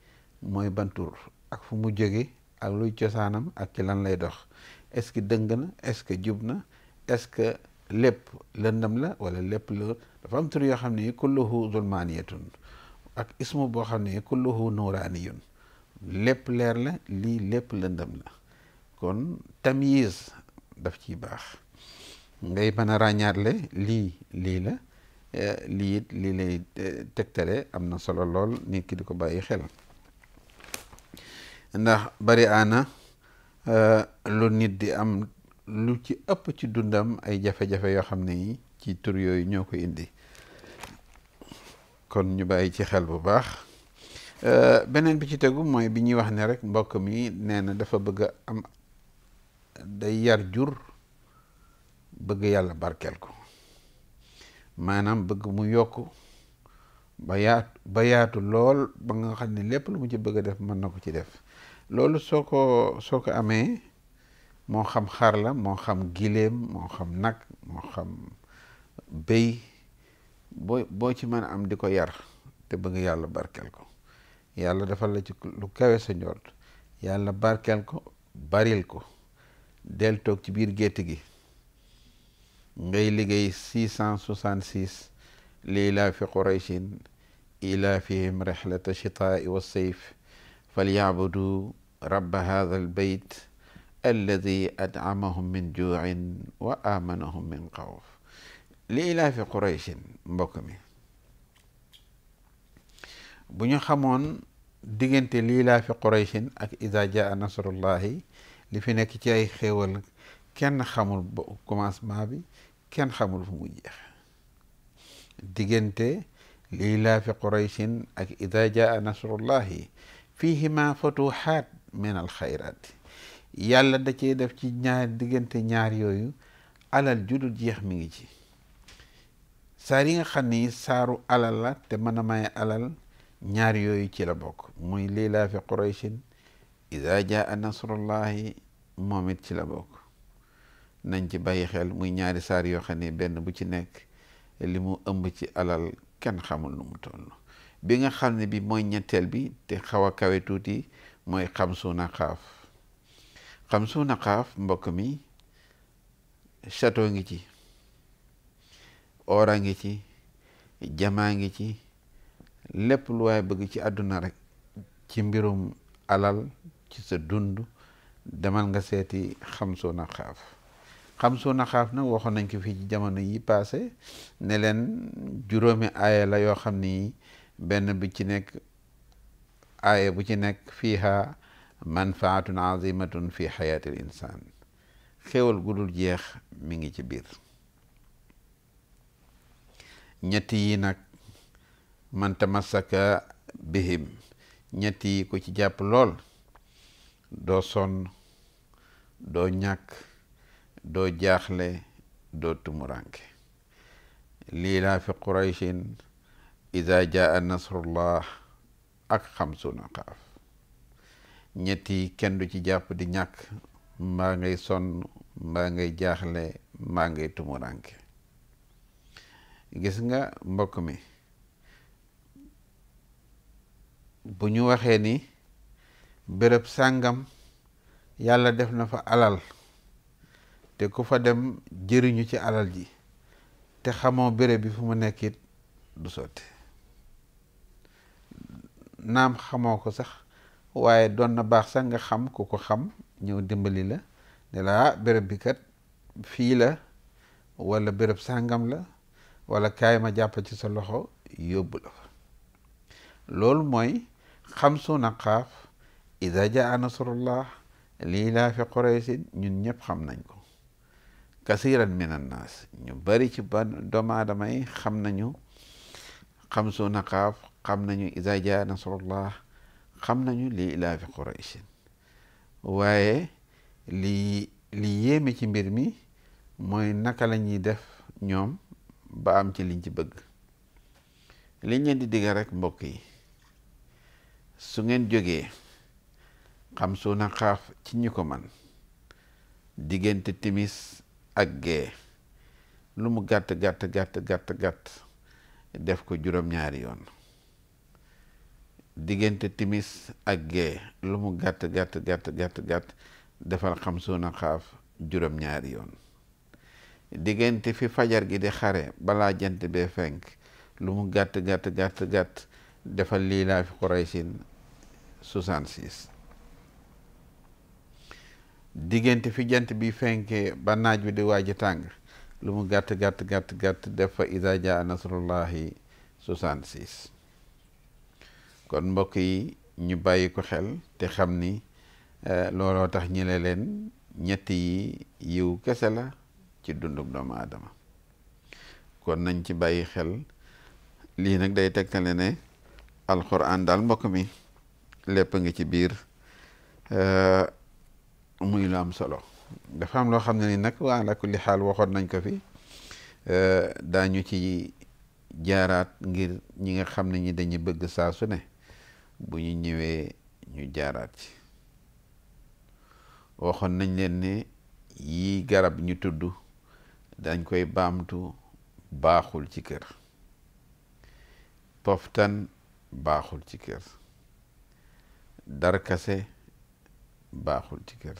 S1: mooy ban tur ak fu mu jóge ak luy cosaanam ak ci lan lay dox est-ce que dëng na est-ce que jub na est lépp lëndam la wala lépp la dafa am tur yoo xam ne kulluhu zulmaaniyatun ak ismu boo xam ne kulluhu nuuraaniyun lépp leer la lii lépp lëndëm la kon tamyiz daf ci baax ngay mën a ràññaatle lii lii la eh, lii lii lay eh, tegtale am na solo lool nit ki di ko bàyyi xel ndax bari aana eh, lu nit di am lu ci ëpp ci dundam ay jafe-jafe yoo xam ne ci tur yooyu ñoo ko indi kon ñu bàyyi ci xel bu baax euh, beneen bi ci tegu mooy bi ñuy wax ne rek mbokk mi nee na dafa bëgg am day yar jur bëgg yàlla barkeel ko maanaam bëgg mu yokk ba yaatu ba yaatu lool ba nga xam ne lépp lu mu ci bëgg a def mën na ko ci def loolu soo ko soo ko amee moo xam xar la moo xam giléem moo xam nag moo xam béy boo boo ci mën a am di ko yar te bëgg yàlla barkel ko yàlla defal la ci lu kawe sa njort yàlla ko baril ko del ci biir gétt gi ngay liggéey six cent soixante six lii laa fi qurayshin ilaafihim rihlata chitaai wa sayf falyabudu rabba hadha al alladi at'amahum min juu'in wa aamanahum min xawf li ilaafi qurayshin mbokk mi bu ñu xamoon diggante li ilaafi qurayshin ak idaa jaa nasrullahi li fi nekk ci ay xéewal kenn xamul commencement bi kenn xamul fu mu jeex diggante li ilaafi qurayshin ak idaa jaa nasrullahi fiihima futuhaat min alxayraat yàlla da ce def ci ñaari diggante ñaar yooyu alal judul jeex mi ngi ci saar yi nga xam ni saaru alal la te mën a may alal ñaar yooyu ci la bokk muy liilaafi qurayshin ida jaa nasrullahi moom it ci la bokk nañ ci bàyyi xel muy ñaari saar yoo xam ni benn bu ci nekk li mu ëmb ci alal kenn xamul nu mu toll bi nga xam ne bi mooy ñetteel bi te xaw a kawe tuuti mooy xam suuna xaaf xam su naqaaf mbokk mi château ngi ci or ngi ci jamaa ngi ci lépp lu waay bëgg ci àdduna rek ci mbirum alal ci sa dund demal nga seeti xam su naqaaf xam su naqaaf nag waxoon nañ ko fii ci jamono yi passé ne juróomi aaya la yoo xam ni benn bi ci nekk aaya bu ci nekk fiiha manfaatun azimatun fi xayaati l insaan xéwal gudul jeex mi ngi ci biir ñett yi nag man tamassaka bihim ñett yi ku ci jàpp lool doo sonn doo ñàkk doo jaaxle doo tumuranke lii laa fi qurayshin ida jaa nasrullah ak xamsuna qaaf ñetti kenn du ci jàpp di ñàkk mbaa ngay sonn mbaa ngay jaaxle mbaa ngay tumuranke gis nga mbokk mi bu ñu waxee ni béréb sàngam yàlla def na fa alal te ku fa dem jëriñu ci alal ji te xamoo béréb bi fu mu nekk du sotti naam xamoo ko sax waaye doon na baax sax nga xam ku ko xam ñëw dimbali la ne la ah, béréb bi kat fii la walla béréb sàngam la walla kaay ma jàpp ci sa loxo yóbbu la fa loolu mooy xamsuuna qaaf ida jaa nasrullah lii laa fi quraysin ñun ñëpp xam nañ ko kasiran min annaas ñu bari ci ba doomu aadama yi xam nañu xam xamsuuna qaaf xam nañu ida jaa nasrullah xam nañu lii ilaafi qurayshin waaye lii lii yéeme ci mbir mi mooy naka lañuy def ñoom ba am ci liñ ci bëgg liñ leen di digga rekk mbokk yi su ngeen jógee xam suuna xaaf ci ñu ko man diggante timis ak gee lu mu gàtt gàtt gàtt gàtt gàtt def ko juróom-ñaari yoon diggante timis ak gee lu mu gàtt gàtt gàtt gàtt gàtt xam xamsuuna xaaf juróom-ñaari yoon diggante fi fajar gi di xare balaa jant bee fenk lu mu gàtt gàtt gàtt gàtt defal lii laa fi Quraysin 66 diggante fi jant bi fenkee ba naaj bi di waaji tàng lu mu gàtt gàtt gàtt gàtt def fa idaa jaa nasrullahi 66 kon mbokk yi ñu bàyyi ko xel te xam ni eh, looloo tax ñi le leen ñett yi yiw kese la ci dundug doomu aadama kon nañ ci bàyyi xel lii nag day tegtale ne alxuraan daal mbokk mi lépp nga ci biir eh, muy lu am solo dafa am loo xam ne ni nag waa la kulli xaal waxoon nañ ko fi eh, daañu ci jaaraat ngir ñi nga xam ne ñi dañuy bëgg saasu ne bu ñu ñëwee ñu jaaraat ci waxoon nañ leen ne yii garab ñu tudd dañ koy baamtu baaxul ci kër poftan baaxul ci kër darkase baaxul ci kër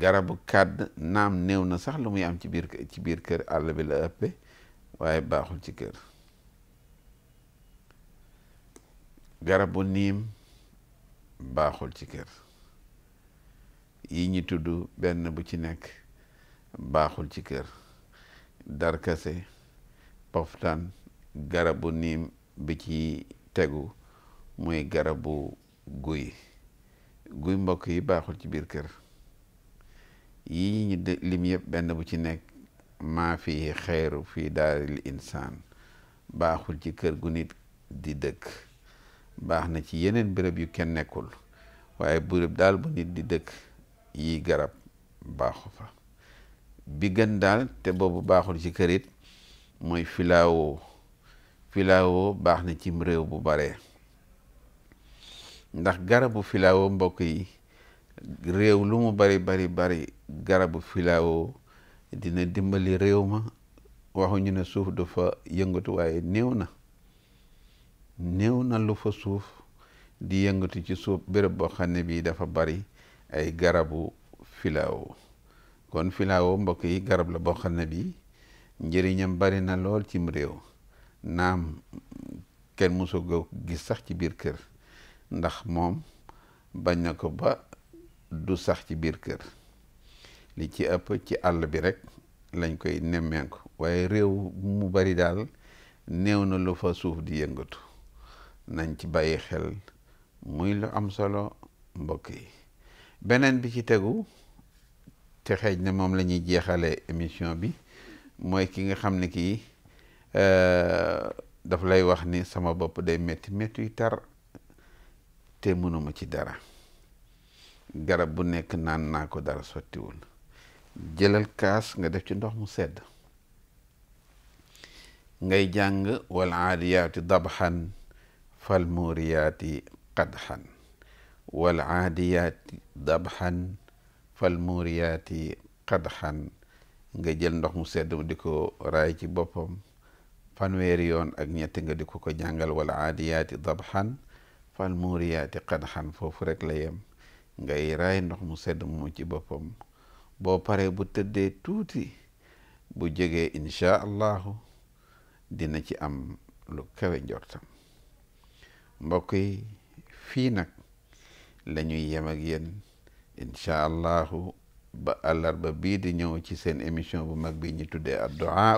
S1: garabu kàdd naam new na sax lu muy am ci biir ci biir kër àll bi la ëppe waaye baaxul ci kër garabu niim baaxul ci kër yi ñi tudd benn bu ci nekk baaxul ci kër darkase poftan garabu niim bi ci tegu muy garabu guy guy mbokk yi baaxul ci biir kër yi ñi lim yëpp benn bu ci nekk maa fi xeeru fii daaril insaan baaxul ci kër gu nit di dëkk baax na ci yeneen béréb yu kenn nekkul waaye bërëb daal bu nit di dëkk yi garab baaxu fa bi gën daal te boobu baaxul ci kërit mooy filao filao baax na cim réew bu bare ndax garabu filao mbokk yi réew lu mu bari bari bari garabu filao dina dimbali réew ma waxuñu ne suuf dafa yëngatu waaye néew na néew na lu fa suuf di yëngatu ci suuf béréb boo xam ne bii dafa bari ay garabu filaawo kon filaawo mbokk yi garab la boo xam ne bii njëriñam bari na lool cim réew naam kenn mosoo ko gis sax ci biir kër ndax moom bañ na ko ba du sax ci biir kër li ci ëpp ci àll bi rekk lañ koy nemmeeku waaye réew mu bari daal néew na lu fa suuf di yëngatu nañ ci bàyyi xel muy lu am solo mbokk yi beneen bi ci tegu te xeej ne moom lañuy jeexale émission bi mooy ki nga xam ne kii euh, daf lay wax ni sama bopp day métti métti yu tar te mënuma ci dara garab bu nekk naan naa ko dara sottiwul jëlal kaas nga def ci ndox mu sedd ngay jàng walla aadiyaati dabaxan fal muuriyaati qadxan wal aadiyaati dabxan fal muuriyaati qadxan nga jël ndox mu sedd di ko raay ci boppam fanweeri yoon ak ñetti nga di ko ko jàngal wal aadiyaati dabxan fal muuriyaati qadxan foofu rek la yem ngay raay ndox mu sedd mu ci boppam boo paree bu tëddee tuuti bu jógee incha allahu dina ci am lu kawe njortam mbokk yi fii nag la ñuy ak yéen incha allahu ba àllarba bii di ñëw ci seen émission bu mag bi ñu tuddee adduaa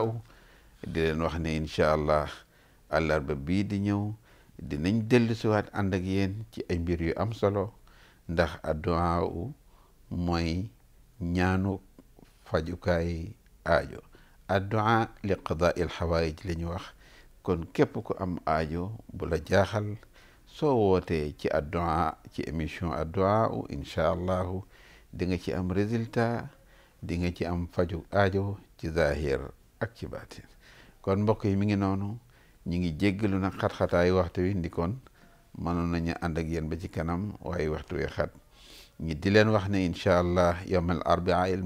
S1: di leen wax ne incha allah àllarba bii di ñëw dinañ dellu siwaat ànd yéen ci ay mbir yu am solo ndax adduaa mooy ñaanu fajukaay aajo adduaa li qadaa il xawaayij la wax kon képp ku am aajo bu la jaaxal soo wootee ci addu'a ci émission addu'a incha allahu di nga ci am résultat di nga ci am faju aajo ci zahir ak ci baatin kon mbokk yi mi ngi noonu ñi ngi jéggalu nag xat-xataayu waxtu wi ndikoon manoon nañu ànd ak yéen ba ci kanam waaye waxtu wi xat ñi di leen wax ne incha allah yowm al arbaa al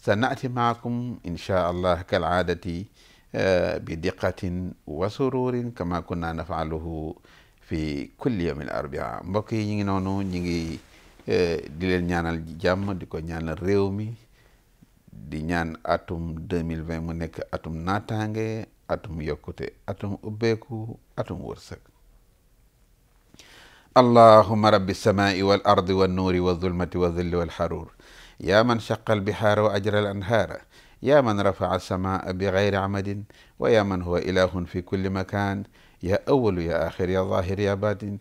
S1: sa naati maakum incha allah kal aadati eh, bi diqatin wa sururin kama kunna nafaaluhu fi kulli yawmil arbia mbokk yi ñu ngi noonu ñu ngi eh, di leen ñaanal jàmm di ko ñaanal réew mi di ñaan atum deux mille vingt mu nekk atum naataange atum yokkute atum ubbeeku atum wërsëg allahuma rabbi samaai wal ardi wa nuuri wa zulmati wal xaruur yaa man chaqa al bihaara wa ajra man rafaa samaa bi gayri amadin wa yaa man huwa ilahun fi kulli makaan ya awalu ya axir ya zahir ya batin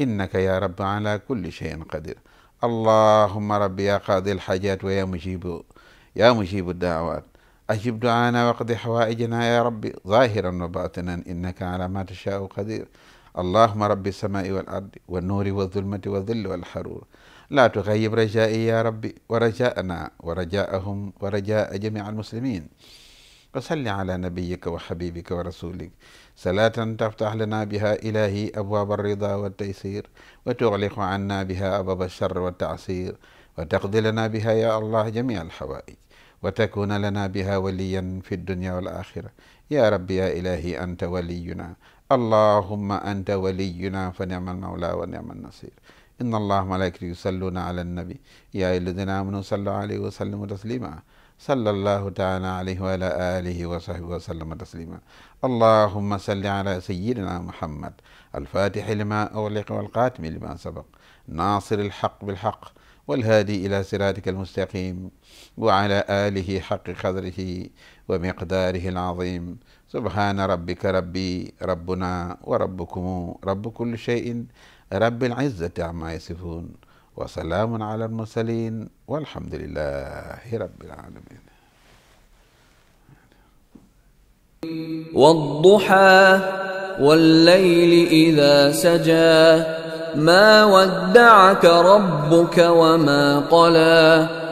S1: innaka ya rabbi ala kulli cheyin qadir allahuma rabbi ya qaadi alxaajat wa ya mujibu ya mujibu daawat ajib duaana waqdi xawaaijana ya rabbi zahiran wa batinan innaka ala ma tashaau qadir allahuma rabbi alsamai walardi wannuuri wazulmati wazilli walxaruur laa tuxayib rajaai ya rabbi wa rajaana wa rajaahum wa rajaa jamic almuslimin wa salli ala nabiyika wa xabibika wa rasulik salaatan taftax lana biha ilahi abwaaba alrida waltaysir wa tuxliqu anna biha abwaaba alchar waltaasir wa taqdi lana biha ya allah jamia alxawaij wa takuna lana biha waliyan fi dunya walaxira ya rabbi ya ilahi anta waliyuna allahumma anta waliyuna fa nicma almawla wa nicma alnasir inna allah malaikatahu yusalluna ala annabi ya ayyuha alladina amanu sallu alayhi wa sallimu taslima sallallahu taala alayhi wa ala alihi wa sahbihi wa sallama taslima allahuma salli ala sayidina muhammad alfatixi lima awliqa walxaatimi lima sabaq naasir alxaq bilxaq walhaadi ila siratika almustaqim wa ala alihi xaqi qadrihi wa miqdaarihi alazim subhaana rabbika rabbi rabbuna wa rabbukum rabbu kulli cheyin rabbil izzati amma yasifun wasalaamun ala almursalin walhamdulilahi rabbil alamin والضحى والليل إذا سجى ما ودعك ربك وما قلى